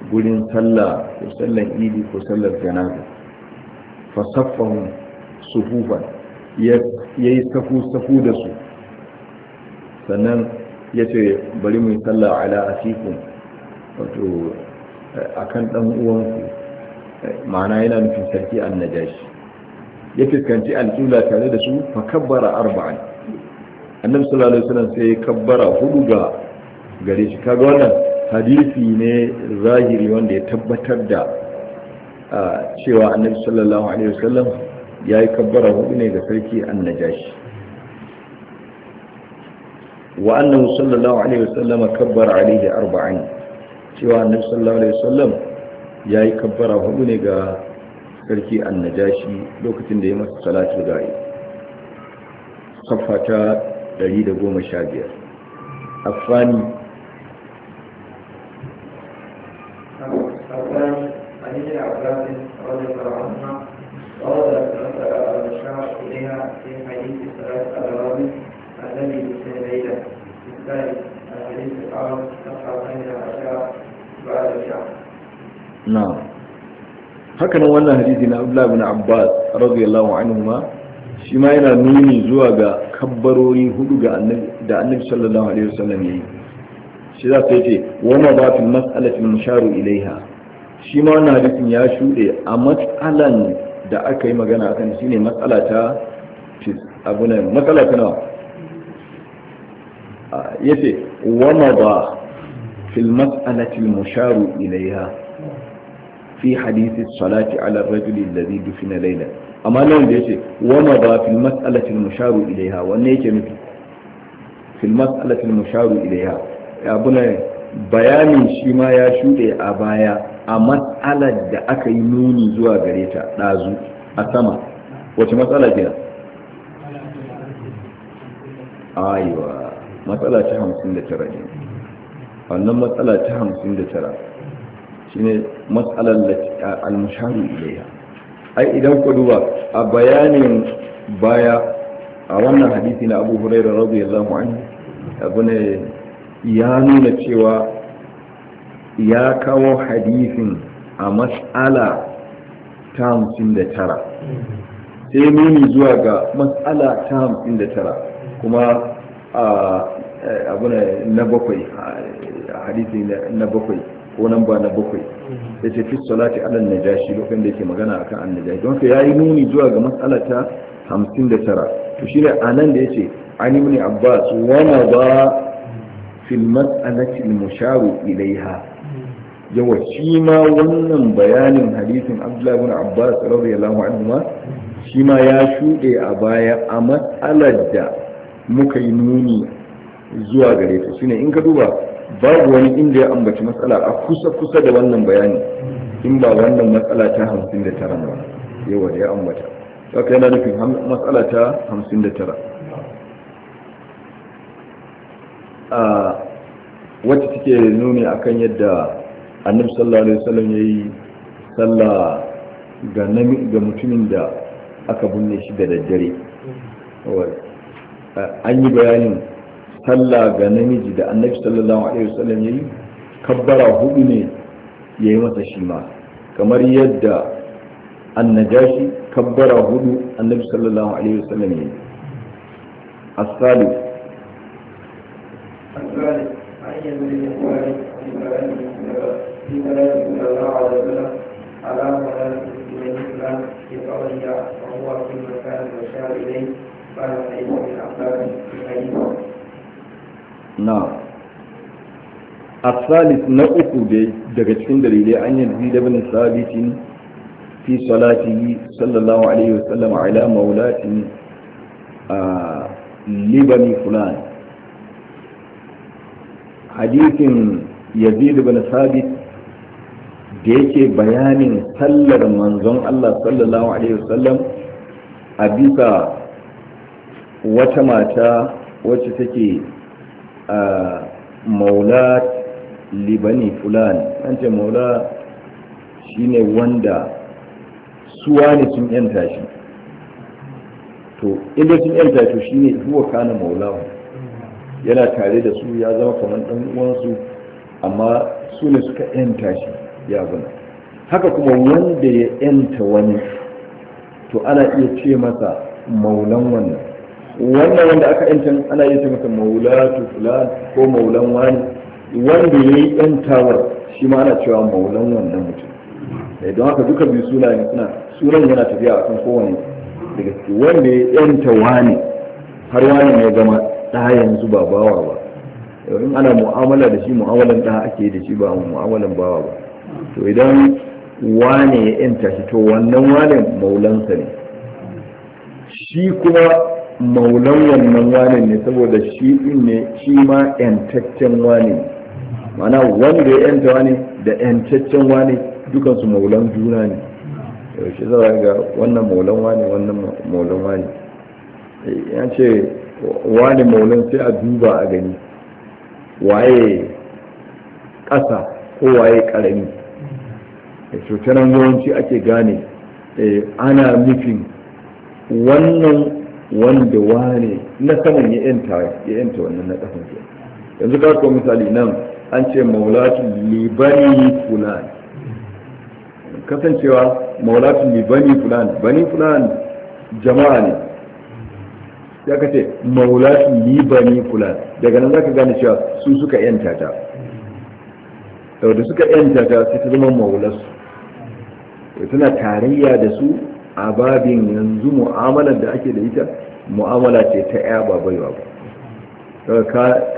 gurin sallah ko sallan idi ko sallar janaza fasaffahum suhufan ya ya yi safu-safu da su sannan ya ce bari mu yi sallah ala asikun wato a kan ɗan uwanku ma'ana yana nufin sarki an na jashi ya fuskanci alƙula tare da su fa kabbara arba'in annabi sallallahu alaihi sai kabbara hudu ga gare shi kaga wannan hadisi ne zahiri wanda ya tabbatar da cewa annabi sallallahu alaihi wasallam ya yi kabbara hudu ne ga sarki an annajashi wa annahu sallallahu alaihi wasallam kabbara alaihi arba'in cewa annabi sallallahu alaihi wasallam ya yi kabbara hudu ne ga sarki an annajashi lokacin da ya masa salatul ga'i safa ta 115 afani الثاني عن ابن عباس رضي الله عنه na haka nan wannan hadisi na abdullahi bin abbas radiyallahu anhu ma shi ma yana nuni zuwa ga kabbarori hudu ga annabi da annabi sallallahu alaihi wasallam yayi shi za ta ce wa ma ba fi mas'alati sharu ilaiha shi ma wannan hadisin ya shuɗe a matsalan da aka yi magana akan shine matsala ta abu ne matsala ta nawa yace wa ma ba fil mas'alati sharu ilaiha fi hadisi salati ala rajuli alladhi dufina Laila. amma nan da yace wa ma ba fil mas'alati al musharu ilayha wanne yake nufi fil mas'alati al musharu ilayha abuna bayanin shi ma ya shuɗe a baya a matsalar da aka yi nuni zuwa gare ta ɗazu a sama wace matsala gina? aiwa matsala ta hamsin da tara ne wannan matsala ta hamsin da tara shine matsalar al-musharu ilayya ai idan ku duba a bayanin baya a wannan hadisi na Abu Hurairah radiyallahu anhu abune ya nuna cewa ya kawo hadisin a matsala ta hamsin da tara sai nuni zuwa ga matsala ta hamsin da tara kuma abu na bakwai hadisi na bakwai ko nan ba na bakwai ya ce fi salati alal najashi lokacin da yake magana akan annajashi don ka yayi nuni zuwa ga matsala ta 59 to shine anan da yace "Ani ibn abbas wa ma ba fi mas'alati al musharu ilaiha yawa shi ma wannan bayanin hadisin abdullahi ibn abbas radiyallahu anhu shi ma ya shuɗe a baya a matsalar da muka yi nuni zuwa gare ta shine in ka duba babu wani inda ya ambaci matsala a kusa kusa da wannan bayani in ba wannan matsala ta hamsin da tara ba yawa da ya ambata haka yana nufin matsala ta hamsin da tara a wacce take nuni akan yadda annabi sallallahu alaihi wasallam yayi sallah ga ga mutumin da aka binne shi da daddare an yi bayanin sallah ga namiji da annabi sallallahu alaihi wasallam yayi kabbara hudu ne yayi masa shi ma kamar yadda annajashi kabbara hudu annabi sallallahu alaihi wasallam yayi as-salih as-salih na asalis na uku dai daga cikin dalilai an yanzu da bin sabitin fi salatihi sallallahu alaihi wa wasallam ala maulatin a libani fulan hadisin yazid bin sabit da yake bayanin sallar manzon Allah sallallahu alaihi wasallam a bisa wata mata wacce take maula libani fulani an ce maula ne wanda suwa ne sun yanta shi to inda sun yanta to ne huwa kana maula yana tare da su ya zama kamar dan uwansu amma su ne suka yanta shi ya zama haka kuma wanda ya yanta wani to ana iya ce masa maulan wannan wannan wanda aka yantan ana yi ta masa maulatu fulan ko maulan wani wanda ya yi yantawar shi ma ana cewa maulan wannan mutum eh, don haka duka biyu sunayen suna sunan yana tafiya a kan kowane daga ciki wanda ya yanta wani har wani mai zama ɗa yanzu ba bawa ba eh, in ana mu'amala da shi mu'amalan ɗa ake da shi ba mu'amalan bawa ba to idan wane ya yanta shi to wannan wani maulansa ne shi kuma maulan wannan wane ne saboda shi din ne shi ma yantaccen wane mana wanda ya yanta wane da yantaccen wane dukansu maulan juna ne yaushe za a ga wannan maulan wane wannan maulan wane eh, ya ce wane maulan sai a duba a gani waye ƙasa ko waye ƙarami cutar eh, yawanci ake gane eh, ana nufin wannan wanda wane na saman ya yanta ya yanta wannan na kasan ke yanzu ka ko misali nan an ce maulatu libani fulan kasancewa maulatu libani fulan bani fulan jama'a ne ya kace ce maulatu libani fulan daga nan zaka gane cewa su suka yanta ta da suka yanta ta sai ta zama maulasu. tana tarayya da su a babin yanzu mu'amalar da ake da ita mu'amala ce ta ya ba baiwa ba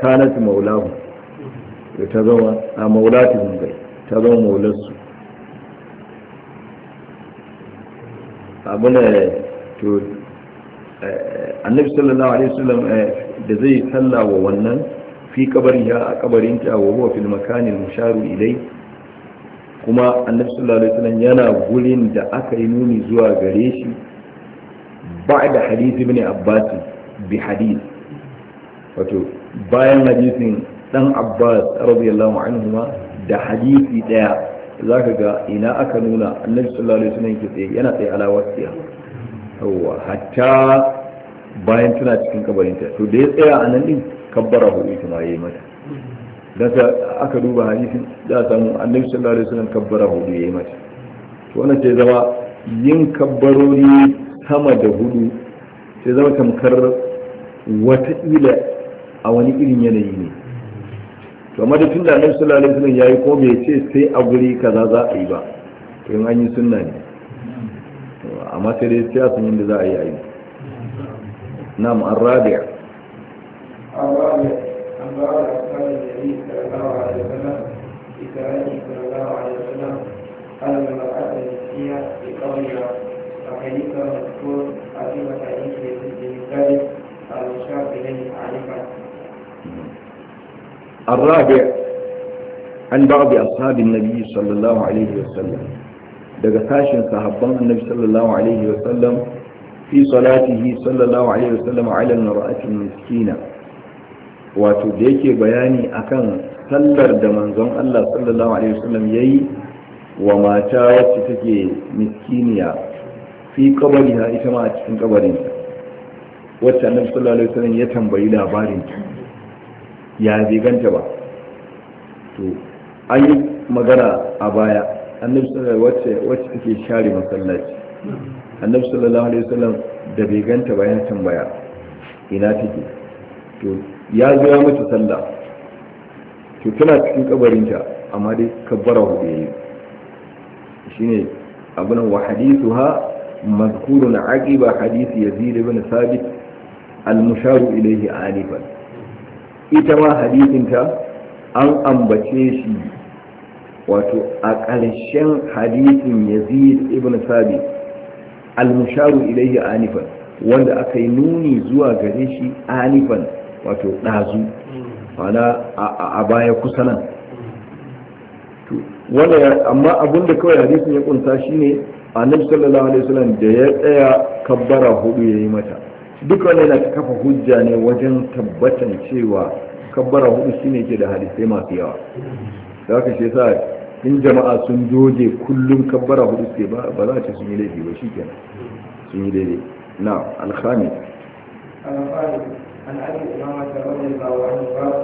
kanat maulahu ta zama a mun bai ta zama maularsu abuna to eh, annabi sallallahu alaihi wasallam eh, da zai sallawa wannan fi ya a ta wa huwa fil makanin musharu ilai kuma annabi sallallahu alaihi wasallam yana gurin da aka yi nuni zuwa gare shi da hadisi ibn abbas bi hadith wato bayan hadisin dan abbas radiyallahu anhuma da hadisi daya zaka ga ina aka nuna annabi sallallahu alaihi wasallam ke tsaye yana tsaye ala wasiya yawa hatta bayan tana cikin kabarinta to da ya tsaya a nan din kabbara hudu ita ma yayi mata da ta aka duba hadisi da samu annabi sallallahu alaihi wasallam kabbara hudu yayi mata to wannan sai zama yin kabbarori sama da hudu sai zama tamkar ila a wani irin yanayi ne to amma da tunda annabi sallallahu alaihi wasallam yayi ko bai ce sai a guri kaza za a yi ba to in an yi sunna ne amma sai dai sai a san yadda za a yi a yi na'am arabiya arabiya arabiya الرابع عن بعض أصحاب النبي صلى الله عليه وسلم دقاش صحابان النبي صلى الله عليه وسلم في صلاته صلى الله عليه وسلم على المرأة المسكينة وتديك بياني أكن sallar da manzon Allah sallallahu alaihi wasallam yi wa mata wacce take miskiniya fi kabariha ita ma a cikin kabarin wacce annabi sallallahu alaihi wasallam ya tambayi labarin ya bai ganta ba to an yi magana a baya annabi sallallahu wacce wacce take share masallaci annabi sallallahu alaihi wasallam da bai ganta ba ya tambaya ina take to ya zo ya mata sallah to tana cikin kabarinta amma dai kabbara hudu yayi shine abuna wa hadithuha mazkurun aqiba hadith yazid ibn sabit al-mushar ilayhi ita ma hadisinta an ambace shi wato a ƙarshen hadithin yazid ibn sabit al-mushar ilayhi wanda aka nuni zuwa gare shi wato ɗazu mana a baya kusa nan wanda amma abin da kawai hadisin ya ne shine annabi sallallahu alaihi wasallam da ya tsaya kabbara hudu yi mata duk wanda yana kafa hujja ne wajen tabbatar cewa kabbara hudu shine ke da hadisai masu yawa da haka shi yasa in jama'a sun doje kullum kabbara hudu suke ba za a ce sun yi laifi ba shi kenan, sun yi daidai na alhamis عن أبي إمامة رضي الله عنه قال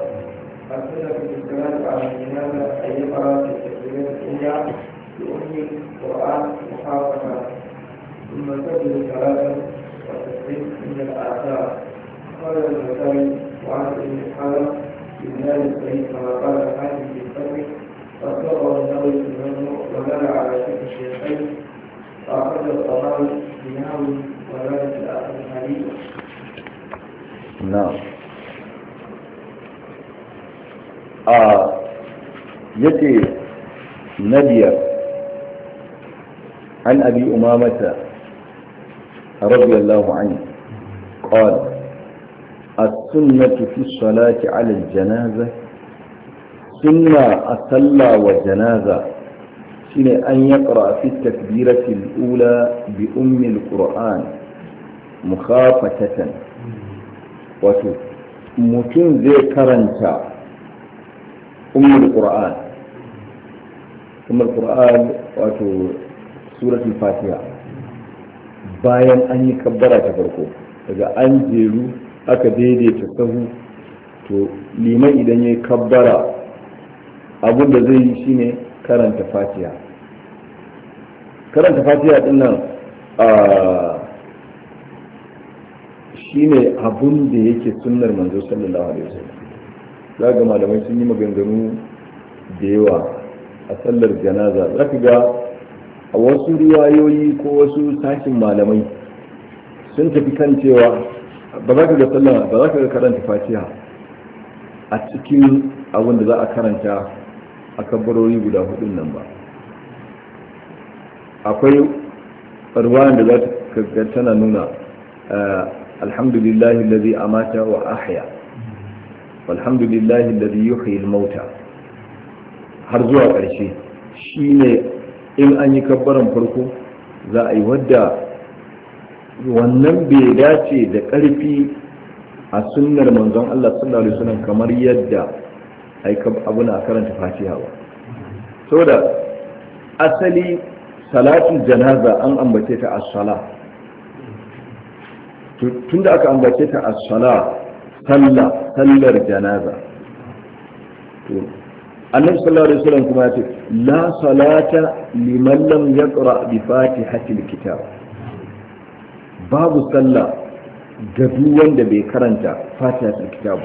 السنة في الصلاة على الجنازة أن يقرأ في التكبيرات الأولى بأم القرآن محافظة ثم تبدو ثلاثا والتسليم من الآثار قال النسائي وعن ابن حجر بمال الصحيح كما قال الحاكم في الفتح فصبر النووي في المجموع وبنى على شكل الشيخين فأخرج الطبري بنحو وذلك الآخر الحديث نعم آ آه، يتي نبي عن أبي أمامة رضي الله عنه قال السنة في الصلاة على الجنازة سنة أصلى وجنازة سنة أن يقرأ في التكبيرة الأولى بأم القرآن مخافة wato mutum zai karanta ummul qur'an umar ƙura'an wato suratul fatiha bayan an yi kabbara ta farko daga an jeru aka daidaita sahu to liman idan ya yi kabbara abin da zai yi shine karanta fatiha karanta fatiha din nan ah, shine abun da yake sunnar manzo sallallahu alaihi wasallam ga malamai sun yi maganganu da yawa a sallar janaza ka ga a wasu riwayoyi ko wasu sashin malamai sun tafi kan cewa ba za ka ga sallah ba za ka ga karanta fatiha a cikin abun da za a karanta a kabarori guda hudun nan ba akwai ruwayan da za ka tana nuna eh, الحمد لله الذي أمات وأحيا والحمد لله الذي يحيي الموتى هرزوا قرشي شيني إن أن يكبرن فرقو za a yi wadda wannan bai dace da ƙarfi a sunnar manzon Allah sallallahu alaihi wasallam kamar yadda abu na karanta fatiha ba saboda asali salatin janaza an ambace ta as-salah tun da aka ambace ta a sala sallah sallar janaza annabi sallallahu alaihi wasallam kuma yace la salata liman lam yaqra bi fatihatil kitab babu sallah ga duk wanda bai karanta fatihatil kitab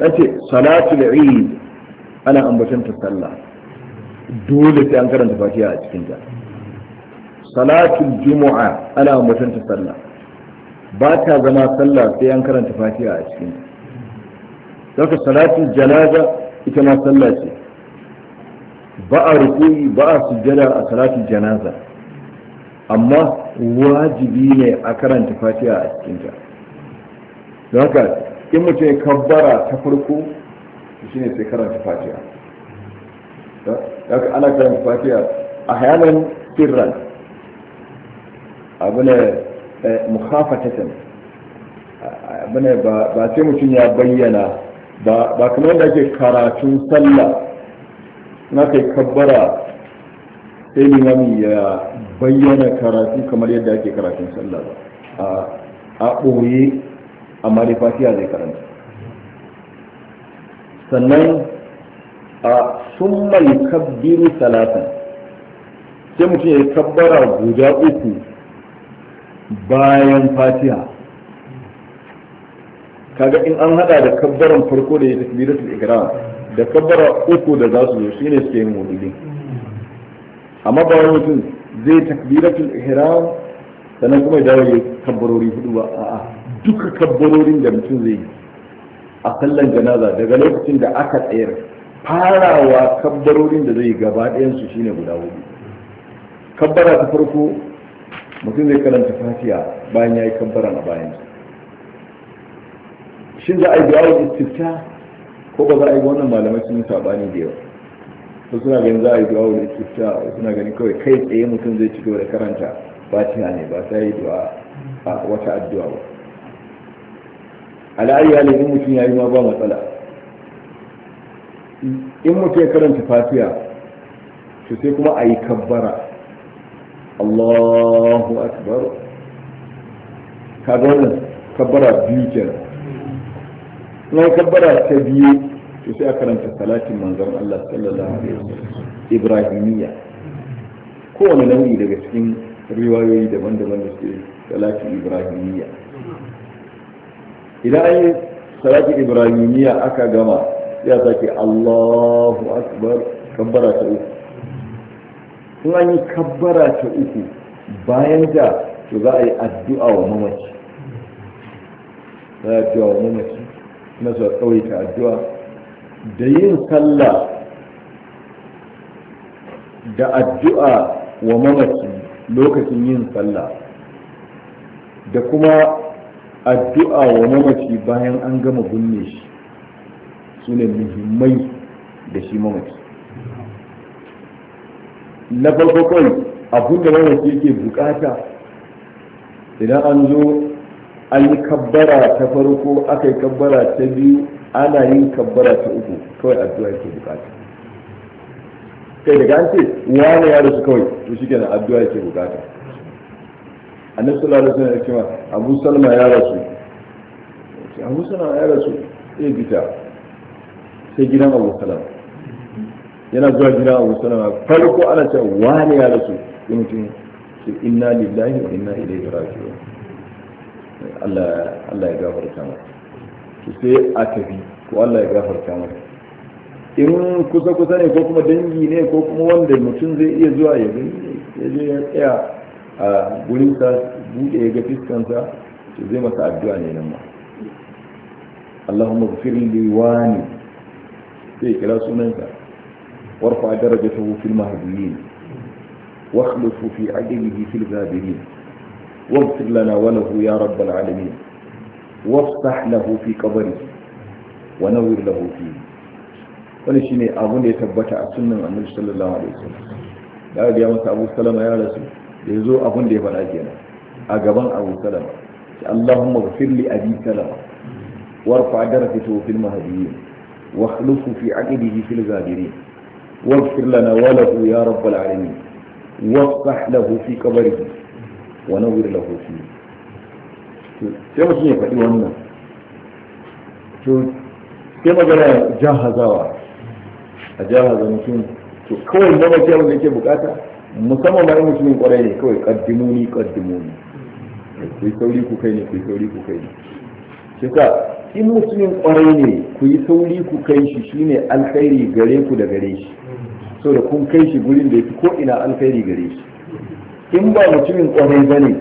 yace salatul eid ana ambaton ta sallah dole sai an karanta fatiha a cikin ta salatul jumu'a ana ambaton ta sallah ba ta zama sallah sai an karanta fatiha a cikin saka salatu janaza ita ma sallah ce ba a rukui ba a sujjada a salatu janaza amma wajibi ne a karanta fatiha a cikin ta don haka in mutum ya kabbara ta farko shi ne sai karanta fatiha haka ana karanta fatiha a hayanan sirran abu ne mukhafatatan bane ba sai mutum ya bayyana ba kamar da ake karatun sallah na kai kabbara sai limami ya bayyana karatu kamar yadda ake karatun sallah ba a ɓoye a marifatiya zai karanta sannan a sun mai kabbiru talatan sai mutum ya yi kabbara guda uku bayan fatiha kaga in an hada da kabbaran farko da ya da ihram da kabbara uku da za su yi shine suke yin wududi amma ba mutum zai takbiratul ihram sannan kuma ya dawo ya kabbarori hudu ba a'a duka kabbarorin da mutum zai yi a sallan janaza daga lokacin da aka tsayar farawa kabbarorin da zai gaba ɗayan su shine guda hudu kabbara ta farko mutum zai karanta fatiya bayan ya yi kamfara na bayan shin za a yi du'a istifta ko ba za a yi wannan malamai sun yi sabani da yawa ko suna ganin za a yi du'a istifta suna ganin kawai kai tsaye mutum zai ci gaba da karanta fatiha ne ba ta yi duwa a wata addu'a ba al'ayi halin in mutum ya yi ma ba matsala in mutum ya karanta fatiya, to sai kuma a yi kabbara Allahu akbar kaga wannan kabbara biyu kenan na kabbara ta biyu to sai a karanta salatin manzon Allah sallallahu alaihi wasallam Ko wani nau'i daga cikin riwayoyi daban-daban da suke salatin ibrahimiyya idan an yi salatin ibrahimiyya aka gama ya sake Allahu akbar kabbara ta uku sun an yi kabbara ta uku bayan da to za a yi addu'a wa mamaci za a addu'a wa mamaci na tsawai ta addu'a da yin sallah da addu'a wa mamaci lokacin yin sallah da kuma addu'a wa mamaci bayan an gama binne shi su ne muhimmai da shi mamaci na farko kai abin da mamaci yake bukata idan an zo an yi kabbara ta farko aka yi kabbara ta biyu ana yin kabbara ta uku kawai addu'a yake bukata kai daga an ce wani ya rasu kawai to shi kenan addu'a yake bukata annabi sallallahu alaihi wasallam ya ce ma abu salma ya rasu abu salma ya rasu sai gida sai gidan abu salma yana zuwa gida wasu nama. farko ana cewa wani ya rasu sai mutum ce inna lillahi wa inna ilaihi raji'un Allah Allah ya gafarta masa to sai a tafi ko Allah ya gafarta masa in kusa kusa ne ko kuma dangi ne ko kuma wanda mutum zai iya zuwa ya gani ya je ya tsaya a gurin sa bude ga fiskansa to zai masa addu'a ne nan ma Allahumma ighfir li wani sai kira sunansa وارفع درجته في المهديين واخلفه في عدله في الغابرين واغفر لنا وله يا رب العالمين وافتح له في قبره ونور له فيه wani shine abun da ya tabbata a sunnan annabi sallallahu alaihi wasallam da ga masa Abu Salama ya rasu da yazo abun da ya faɗa kenan a gaban Abu Salama ki Allahumma ghfir li abi Salama warfa darajatahu fil mahdiyyin واخلفه في عقله في الغابرين واغفر لنا وله يا رب العالمين وافتح له في قبره ونور له فيه sai mutum ya faɗi wannan to sai magana jahazawa a jahaza mutum to kawai na mace abin da yake bukata musamman ma mutumin kwarai ne kawai kaddimuni kaddimuni ku sauri ku kai ne ku sauri ku kai ne shi in mutumin kwarai ne ku yi sauri ku kai shi shine alkhairi gare ku da gare shi so da kun kai shi gurin da yake ko ina alkhairi gare shi in ba mutumin kwarai ba ne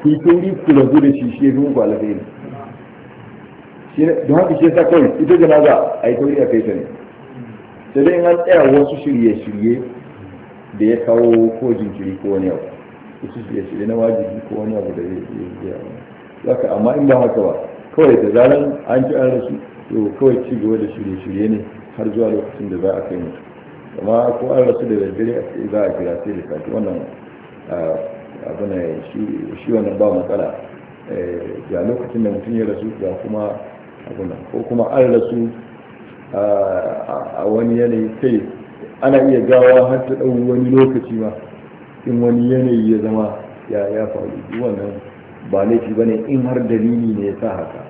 ku yi sauri ku rabu da shi shi ya fi muku alkhairi don haka shi yasa kawai ita janaza a yi sauri a kai ta ne sai dai in an tsaya wasu shirye-shirye da ya kawo ko jinkiri ko wani abu wasu shirye-shirye na wajibi ko wani abu da zai iya amma in ba haka ba kawai da zaran an ji an rasu to kawai ci gaba da shirye-shirye ne har zuwa lokacin da za a kai mutu amma ko an rasu da daddare za a kira sai da lissafi wannan abin shi wannan ba matsala eh, ga lokacin da mutum ya rasu ga kuma abin ko kuma an rasu a wani yanayi kai ana iya gawa har ta ɗau wani lokaci ma in wani yanayi ya zama ya faru wannan ba laifi ba ne in har dalili ne ya sa haka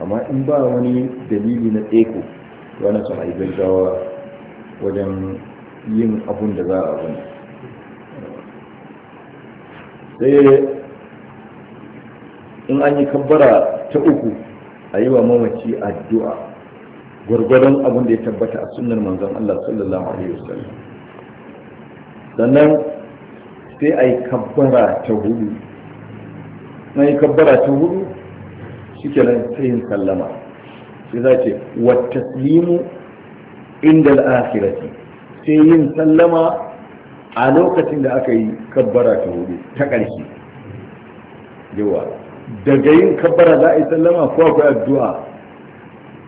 amma in ba wani dalili na tseko wani sun ai gaggawa wajen yin abun da za a abun sai in an yi kabbara ta uku a yi wa mamaci addu'a gwargwadon abun da ya tabbata a sunar manzan Allah sallallahu alaihi wasallam sannan sai a yi kabbara ta hudu na yi kabbara ta hudu shike nan yin sallama sai za ce wa taslimu inda al'akhirati sai yin sallama a lokacin da aka yi kabbara ta hudu ta ƙarshe yawa daga yin kabbara za a yi sallama ko akwai addu'a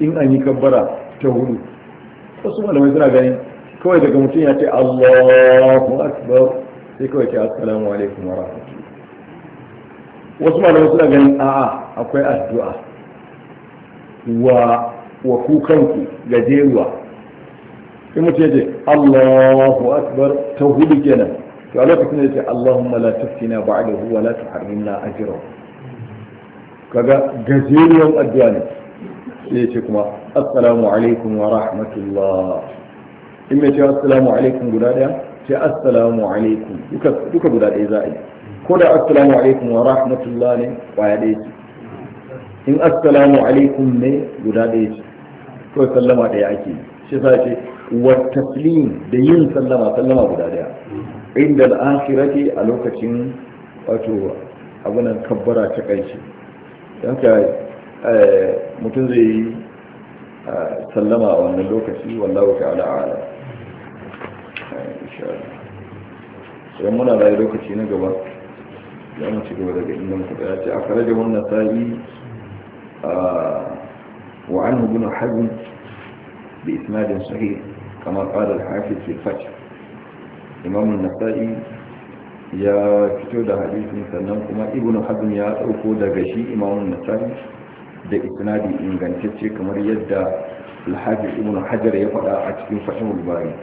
in an yi kabbara ta hudu wasu malamai suna ganin kawai daga mutum ya ce Allahu akbar sai kawai ce assalamu alaikum wa rahmatullahi wasu malamai suna ganin a'a akwai addu'a wa wa ku kanku gajeruwa in mutum yace Allahu akbar ta hudu kenan to a lokacin da yace Allahumma la tuftina ba'dahu wa la tuharrimna ajrahu kaga gajeruwan addu'a ne sai yace kuma assalamu alaikum wa rahmatullah in yace assalamu alaikum guda daya sai assalamu alaikum duka duka guda daya za a yi ko da assalamu alaikum wa rahmatullah ne kwaya ɗaya ce in assalamu alaikum ne guda ɗaya ce ko sallama ɗaya ake shi sa ce wa taslim da yin sallama sallama guda ɗaya inda al'akhirati a lokacin wato abunan kabbara ta ƙarshe don ka eh, mutum zai yi eh, sallama a wannan lokaci wallahu ta'ala ala eh, sai muna da lokaci na gaba أخرجه النسائي آه، وعنه ابن حزم بإسناد صحيح كما قال الحافظ في الفجر إمام النسائي يا كتودة حديث سنمكما ابن حجم يا أوكودة غشي إمام النسائي ده إثنادي إن يدى الحافظ ابن حجر يقرأ أتكين فحم الباري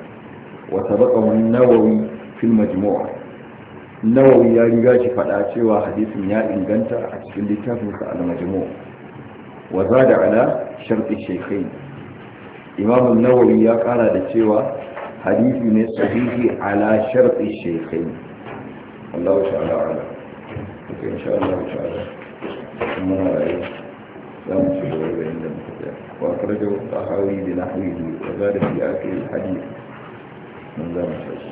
وسبقه النووي في المجموعة nawawi ya riga shi faɗa cewa hadisin ya inganta a cikin littafinsa al-majmu wa zada ala sharti shaykhain imam an-nawawi ya ƙara da cewa hadisi ne sahihi ala sharti shaykhain Allah ta'ala ala to insha Allah ta'ala kuma rayu zamu ci gaba da inda muka tsaya wa karjo tahawi bi nahwihi wa zada fi akhir al-hadith mun zama shi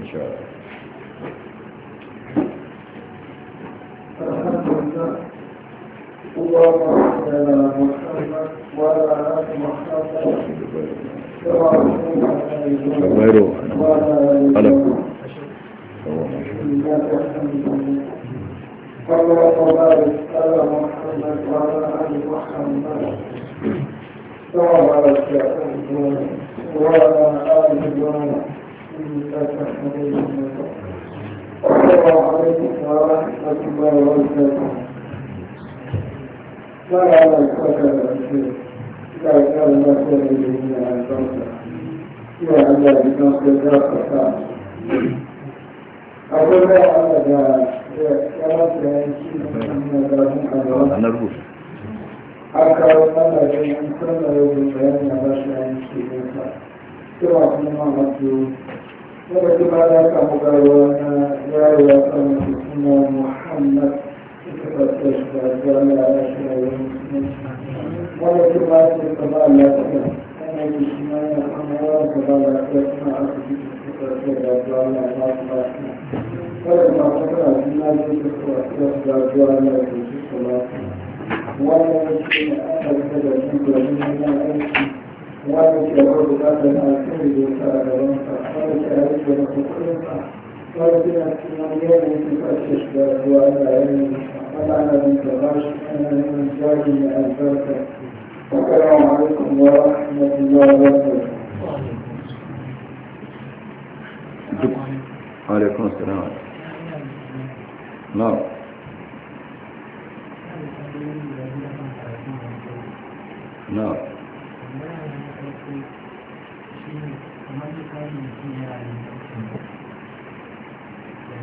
insha Allah فالحمد لله اللهم صل على محمد وعلى ال محمد كما صليت على ابراهيم اللهم بارك على محمد وعلى ال محمد كما باركت على ابراهيم وعلى ال ابراهيم انك حميد مجيد السلام عليكم ورحمه الله da ولا da الفتى da لا da ما da يجبنا da الفتى da عباد الناس لا da أقول da أبدا na rubuta aka wannan da ya yi da rubuta da a da a da shi ne ka cewa kuma mamaki wanda kuma ya samu garuwa na yarewa kan mutum na محمد تتفتش وأجعل عاشر ومسلم ولا تبعث القضاء لا تكره أنا الاجتماع الحمراء القضاء لا تسمع تتفتش وأجعل عاشر ولما تقرأ في الناس تتفتش وأجعل عاشر ولا يمكن أن أبتدأ شكرا من أنا وأنك يعود هذا الكل فأدرك وأنك أعرف وتقرأ a Nah. Nah.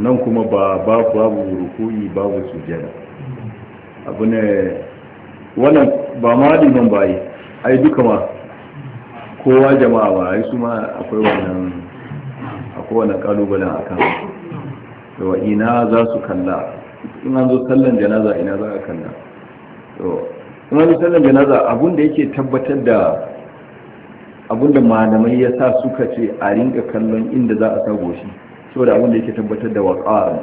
nan kuma ba babu rukuni babu sujada abu ne wannan ba ma liman ba yi ai duka ma kowa jama'a ba ai su ma akwai wannan akwai wannan kalubalen akan. to ina za su kalla in an zo sallan janaza ina za a kalla in an zo sallan janaza abun da yake tabbatar da abun da malamai ya sa suka ce a rinka kallon inda za a sa goshi saboda abin da yake tabbatar da waƙar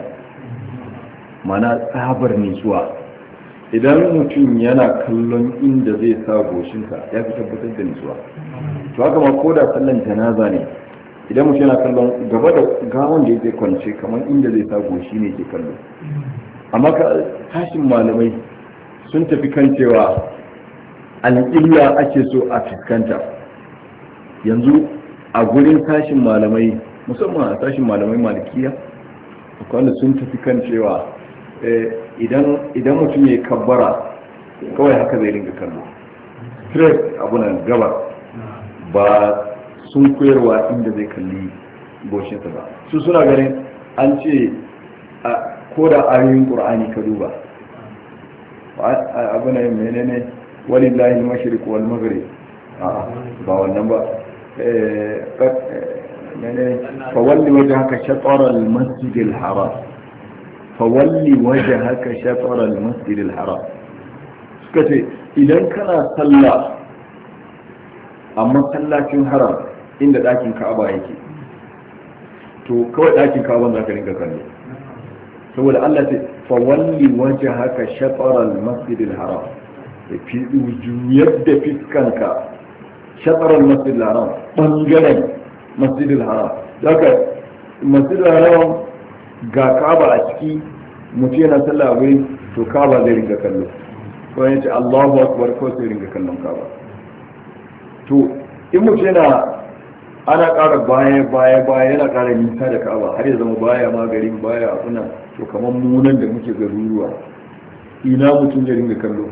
mana tsabar nutsuwa idan mutum yana kallon inda zai sa goshinka, ya fi tabbatar da nutsuwa to haka ma ko da sallan janaza ne idan mutum yana kallon gaba da gawon da yake kwance kamar inda zai sa goshi ne ke kallo amma ka tashin malamai sun tafi kan cewa al'illa ake so a fuskanta yanzu a gurin tashin malamai musamman a sashin malamai malikiya akwai sun tafi kan cewa eh, idan mutum ya kabbara kawai haka zai ringa kallo Tres, abu nan gabar ba sun koyarwa inda zai kalli goshinsa ba su suna ganin an ce ko da ayoyin ƙur'ani ka duba abu na yi menene walillahi mashirik wani maghrib ba wannan ba eh, فولي وجهك شطر المسجد الحرام فولي وجهك شطر المسجد الحرام سكتي إذا كان صلى أما صلى في الحرام إن لكن كعبا يكي to kawai ɗakin kawon za ka rinka kalli. saboda Allah ce fawalli waje haka shafarar masjidil haram da fi juyar da fiskanka shafarar masjidil haram ɓangaren masjidil haram daga masjidil haram ga kaba a ciki mutu yana sallah a wurin to kaba zai ringa kallo ko ya ce allahu akbar ko sai ringa kallon kaba to in mutu yana ana ƙara baya baya baya yana ƙara nisa da kaba har ya zama baya magarin baya a kuna to kamar munan da muke garuruwa ina mutum ya ringa kallo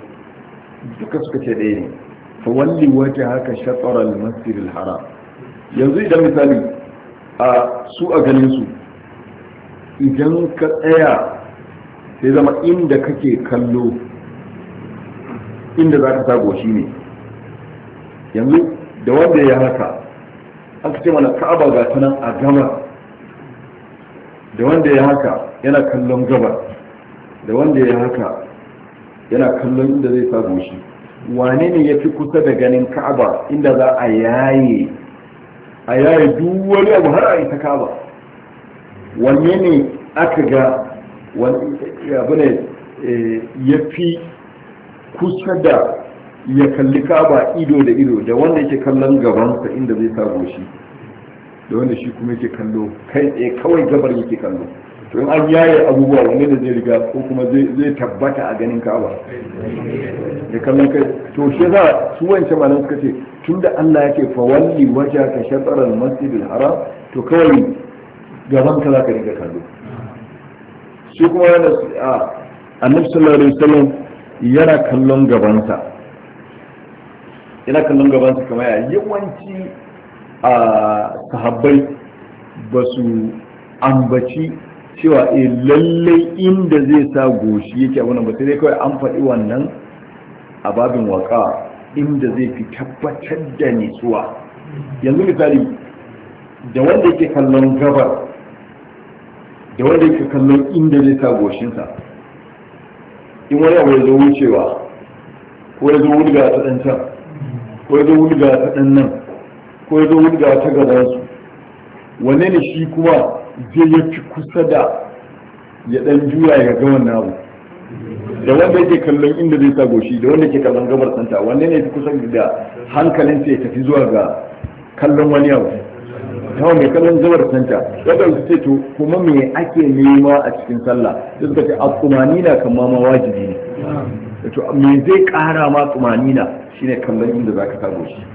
duka suka ce ɗaya ne fa walli wata haka shatsar al-masjid haram yanzu idan misali a su a ganin su idan ka tsaya sai zama inda kake kallo inda za ka sa shi ne yanzu da wanda ya haka aka ce mana ka'aba ga ta nan a gama da wanda ya haka yana kallon gaba da wanda ya haka yana kallon inda zai sa goshi wane ne ya fi kusa da ganin ka'aba inda za a yaye a yayi duk wani abu har a ita kaba wanne ne aka ga eh, abu ne eh, ya fi kusa da ya kalli kaba ido da ido da wanda yake kallon gabansa inda zai sa goshi da wanda shi kuma yake kallo kai tsaye kawai gabar yake kallo to in an yaye abubuwa wanne da zai riga ko kuma zai tabbata a ganin ka'aba da kallon kai to shi za su wancan malam suka ce tun da Allah yake fawalli waja ka shatarar masjidil haram to kawai gaban ka zaka riga kallo shi kuma yana a annabi sallallahu alaihi wasallam yana kallon gabansa yana kallon gabansa kamar yawanci a sahabbai ba su ambaci cewa eh lallai inda zai sa goshi yake a wannan ba sai dai kawai an faɗi wannan a babin waka inda zai fi tabbatar da nitsuwa yanzu misali da wanda yake kallon gabar da wanda yake kallon inda zai sa goshinsa in wani abu ya zo wucewa ko ya zo wulga ta ɗan can ko ya zo wulga ta ɗan nan ko ya zo wulga ta gabansu wanne ne shi kuma je ya ci kusa da ya dan juya ya ga wannan abu da wanda yake kallon inda zai sa goshi da wanda yake kallon gabar santa wanne ne fi kusa da hankalin sai ya tafi zuwa ga kallon wani abu ta wanda kallon gabar santa ya su ce to kuma me ake nema a cikin sallah sai suka ce tsumani na kama ma wajibi ne to me zai kara ma tsumani na shine kallon inda za ka sa goshi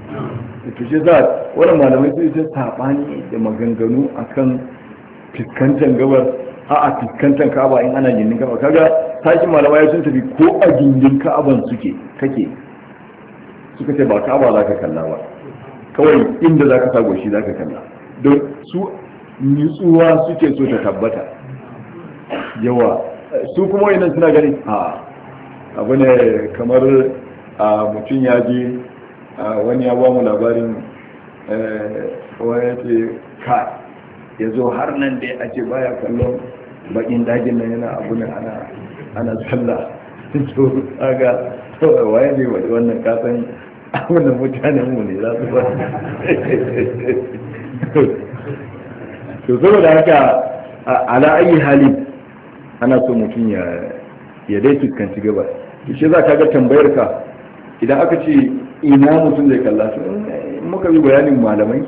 to shi za wani malamai sai sai sabani da maganganu akan fiskantar gabar a a fiskantar ka'aba in ana gindin ka'aba kaga sakin malamai sun tafi ko a gindin ka'aban suke kake suka ce ba ka'aba za ka kalla ba kawai inda za ka sago shi za ka kalla don su nutsuwa suke so ta tabbata yawa su kuma nan suna gani a abu ne kamar mutum ya je wani ya ba mu labarin eh, wani ya ce ya zo har nan da ya ce baya kallon bakin dajin nan yana abu ne ana ana tsalla to aga to waye ne wani wannan kasan abin da mutanen mu ne za su ba to saboda haka ala ayi hali ana so mutum ya ya dai fuskanci gaba to shi za ka ga tambayar ka idan aka ce ina mutum zai kalla su muka yi bayanin malamai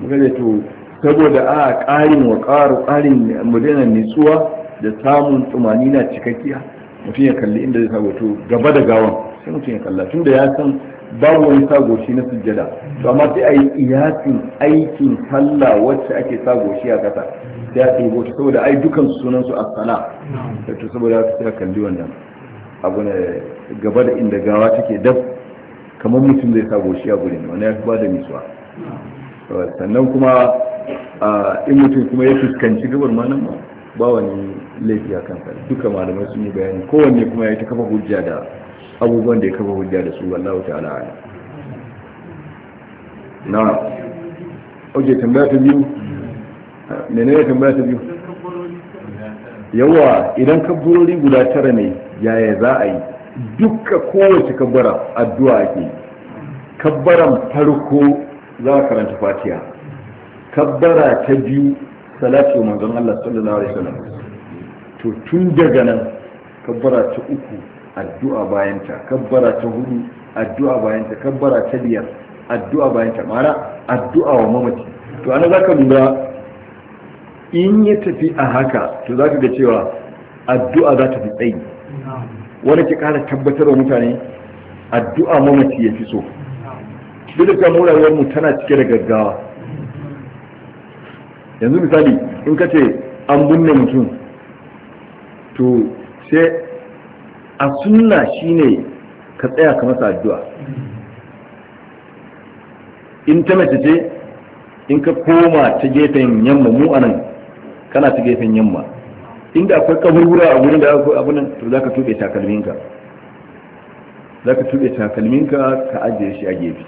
muka ce to saboda a ƙarin wa ƙaru ƙarin mudana nitsuwa da samun tsumani na cikakkiya mutum ya kalli inda zai sagoto gaba da gawan sai mutum ya kalla tunda ya san babu wani sagoshi na sujjada to amma sai a yi iyakin aikin sallah wacce ake sagoshi a ƙasa sai a tsibo ta saboda ai dukan sunan su asala to saboda sai a kalli wannan abu ne gaba da inda gawa take dab kamar mutum zai sagoshi a gurin wani ya fi ba da nitsuwa sannan kuma in mutum kuma ya fuskanci gabar manan ba wani laifi a kansa duka malamai sun yi bayani kowanne kuma ya ta kafa hujja da abubuwan da ya kafa hujja da su wallahu ta'ala ala na oke tambaya ta biyu menene tambaya ta biyu yawa idan kabbarori guda tara ne yaya za a yi duka kowace kabbara addu'a ake kabbaran farko za a karanta fatiha kabbara ta biyu salatu manzon Allah sallallahu alaihi wasallam to tun daga nan kabbara ta uku addu'a bayan ta kabbara ta hudu addu'a bayan ta kabbara ta biyar addu'a bayan ta mara addu'a wa mamaci to ana zaka lura in ya tafi a haka to zaka ga cewa addu'a za ta fi tsayi Wani ke kara tabbatar wa mutane addu'a mamaci ya fi so duk da mu rayuwar mu tana cike da gaggawa yanzu misali in ka ce an binne mutum to sai a sunna shine ka tsaya ka masa addu'a in ta mace ce in ka koma ta gefen yamma mu anan kana ta gefen yamma inda akwai kaburbura a wurin da akwai abunan to ka tuɓe takalminka ka tuɓe takalminka ka ajiye shi a gefe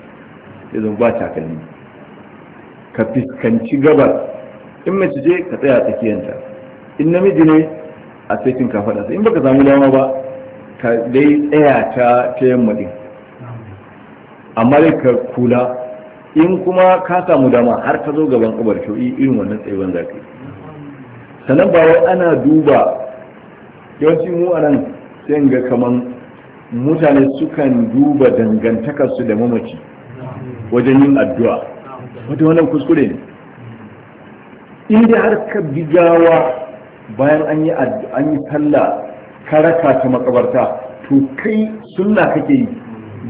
sai zan ba takalmi ka fiskanci gabar in mace je ka tsaya a tsakiyanta in namiji ne a tsakin ka faɗa in baka samu dama ba ka dai tsaya ta ta yamma amma dai ka kula in kuma ka samu dama har ka zo gaban kabar irin wannan tsayuwan za ka ba wai ana duba yawanci mu a nan sai ga kaman mutane sukan duba dangantakarsu da mamaci wajen yin addu'a wata wannan kuskure ne in dai har ka bi gawa bayan an yi an yi talla ka raka ta makabarta to kai sunna kake yi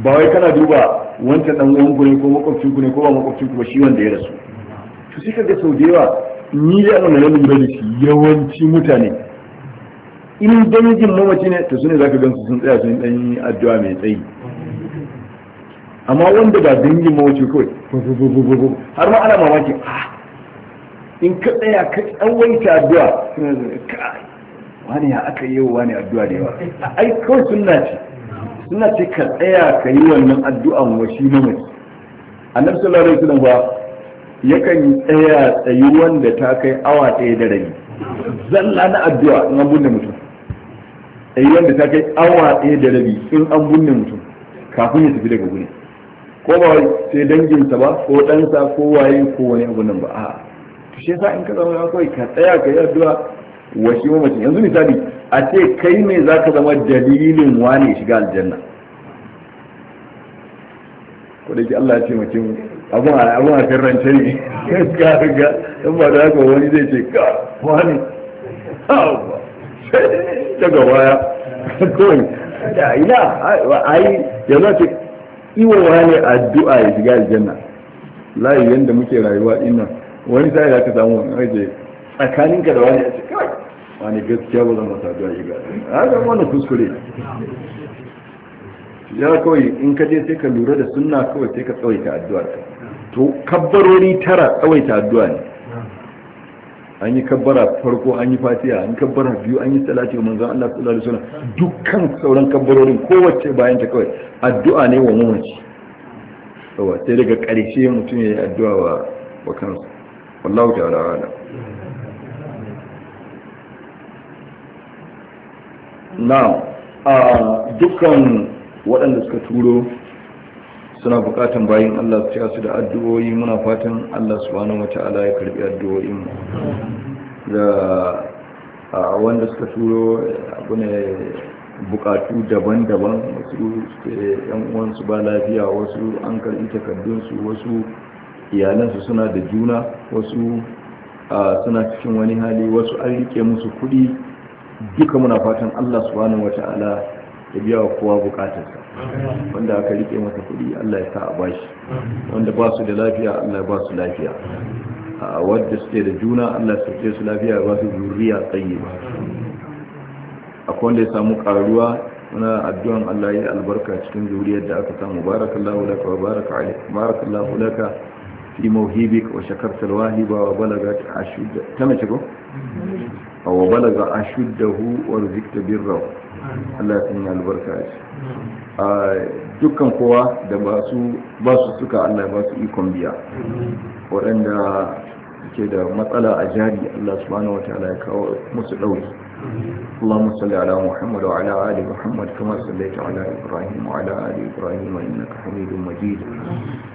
ba wai kana duba wanta dan uwan ne ko makwabcin ku ne ko ba makwabcin ku ba shi wanda ya rasu to sai kaga sau da yawa ni da an ne lura yawanci mutane in dangin mamaci ne to sune zaka gansu sun tsaya sun dan yi addu'a mai tsayi amma wanda ba dangin mamaci kawai har ma ana mamaki ah in ka tsaya ka tsawaita addu'a suna wani ya aka yi wa wani addu'a da yawa ai kawai suna ce suna ce ka tsaya ka yi wannan addu'an wa shi mamaci annabi sallallahu alaihi wasallam ba yakan tsaya tsayi wanda ta kai awa ɗaya da rabi zalla na addu'a in an bunne mutum tsayi wanda ta kai awa ɗaya da rabi in an bunne mutum kafin ya tafi daga gune ko ba sai danginsa ba ko ɗansa ko waye ko wani abu nan ba a'a shi yasa in ka zama kawai ka tsaya ka yi addu'a wa shi mamacin yanzu misali a ce kai ne za ka zama dalilin wane shiga aljanna ko da ke Allah ya ce mutum a abu a kan rance ne ka ga in ba da haka wani zai ce ka wani daga waya kawai da ina ai yanzu ce iwa wani addu'a ya shiga aljanna layi yanda muke rayuwa dinnan wani sai da ka samu aiki tsakanin ka da wani a cikin wani gaskiya ba zama sa zuwa iga a ga wani kuskure ya kawai in ka je sai ka lura da sunna kawai sai ka tsawaita ta addu'a to kabbarori tara ta addu'a ne an yi kabbara farko an yi fatiha an kabbara biyu an yi salati wa manzon Allah sallallahu alaihi wasallam dukkan sauran kabbarorin kowace bayan ta kawai addu'a ne wa mamaci sai daga ƙarshe mutum ya yi addu'a wa kansa wallahu ta'ala ala now a dukkan waɗanda suka turo suna buƙatan bayin Allah su su da addu'o'i muna fatan Allah subhanahu wata'ala ya karɓi addu'o'in da a wanda suka turo abune buƙatu daban-daban wasu yan uwansu ba lafiya wasu an karbi takardunsu wasu iyalansu suna da juna wasu suna cikin wani hali wasu an rike musu kuɗi duka muna fatan Allah subhanahu wata'ala ya biya wa kowa bukatarsa wanda aka rike masa kuɗi Allah ya sa a bashi wanda ba su da lafiya Allah ya ba su lafiya wadda suke da juna Allah ya su lafiya ba su zuriya tsayi ba akwai wanda ya samu karuwa muna addu'an Allah ya albarka cikin zuriyar da aka samu barakallahu laka wa barakallahu laka في موهبك وشكرت الواهب وبلغت أشده تمشكو وبلغ أشده ورزقت بره Allah ya sanya albarka ya dukkan kowa da ba basu suka Allah ba su ikon biya waɗanda ke da matsala a jari Allah subhanahu wa ta'ala ya kawo musu ɗauki اللهم صل على محمد وعلى آل محمد كما صليت على إبراهيم وعلى آل إبراهيم إنك حميد مجيد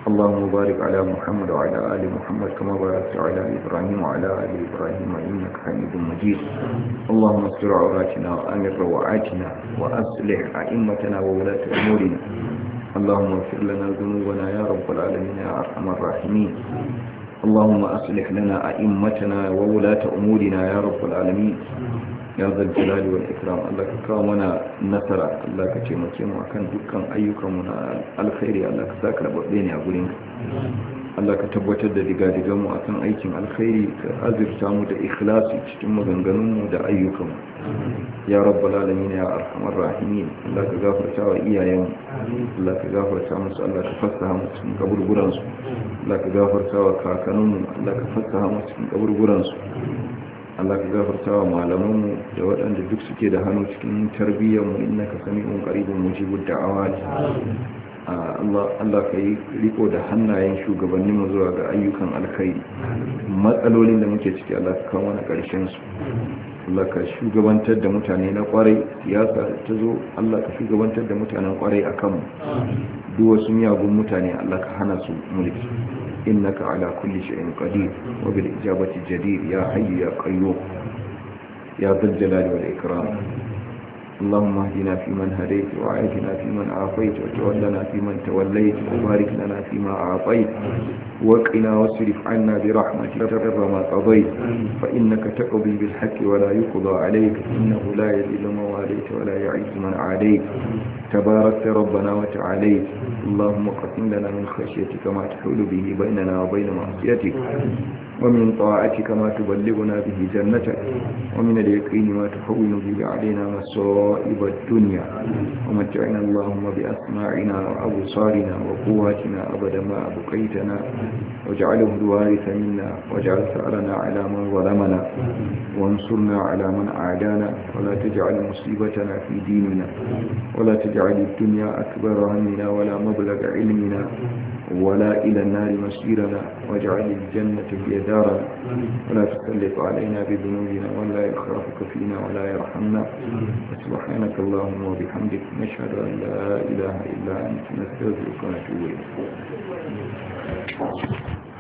اللهم بارك على محمد وعلى آل محمد كما باركت على إبراهيم وعلى آل إبراهيم إنك حميد مجيد اللهم استر عوراتنا وأمن روعاتنا وأصلح أئمتنا وولاة أمورنا اللهم اغفر لنا ذنوبنا يا رب العالمين يا أرحم الراحمين اللهم أصلح لنا أئمتنا وولاة أمورنا يا رب العالمين ya zan jalali wal ikram Allah ka kawo mana nasara Allah ka ce mace mu akan dukkan ayyukanmu na alkhairi Allah ka saka rababbe ne a gurin Allah ka tabbatar da digadigan mu akan aikin alkhairi ka azurta mu da ikhlasi cikin maganganunmu da ayyukanmu mu ya rabbal alamin ya arhamar rahimin Allah ka gafarta wa iyayen Allah ka gafarta musu Allah ka fassaha musu cikin kaburburan su Allah ka gafarta wa kakannin Allah ka fassaha musu cikin kaburburan su Allah ka gafarta wa malamanmu da waɗanda duk suke da hannu cikin tarbiyyarmu innaka sami'un qaribun mujibud da'awat Allah ka yi riko da hannayen shugabanninmu zuwa ga ayyukan alkhairi matsalolin da muke ciki Allah ka kawo wani ƙarshen su Allah ka shugabantar da mutane na kwarai siyasa ta zo Allah ka shugabantar da mutanen kwarai a kanmu duk wasu miyagun mutane Allah ka hana su mulki إنك على كل شيء قدير وبالإجابة جدير يا حي يا قيوم يا ذا الجلال والإكرام اللهم اهدنا فيمن هديت وعافنا فيمن عافيت وتولنا فيمن توليت وبارك لنا فيما أعطيت وقنا واصرف عنا برحمتك شر ما قضيت فإنك تقضي بالحق ولا يقضى عليك إنه لا يذل من واليت ولا يعز من عليك تباركت ربنا وتعاليت اللهم قسم لنا من خشيتك ما تحول به بيننا وبين معصيتك ومن طاعتك ما تبلغنا به جنتك ومن اليقين ما تهون به علينا مصائب الدنيا ومتعنا اللهم بأسماعنا وأبصارنا وقواتنا أبدا ما أبقيتنا واجعله الوارث منا واجعل ثأرنا على من ظلمنا وانصرنا على من أعدانا ولا تجعل مصيبتنا في ديننا ولا تجعل الدنيا أكبر همنا ولا مبلغ علمنا ولا إلى النار مصيرنا واجعل الجنة هي دارنا ولا تسلط علينا بذنوبنا ولا يخافك فينا ولا يرحمنا سبحانك اللهم وبحمدك نشهد أن لا إله إلا أنت نستغفرك ونتوب إليك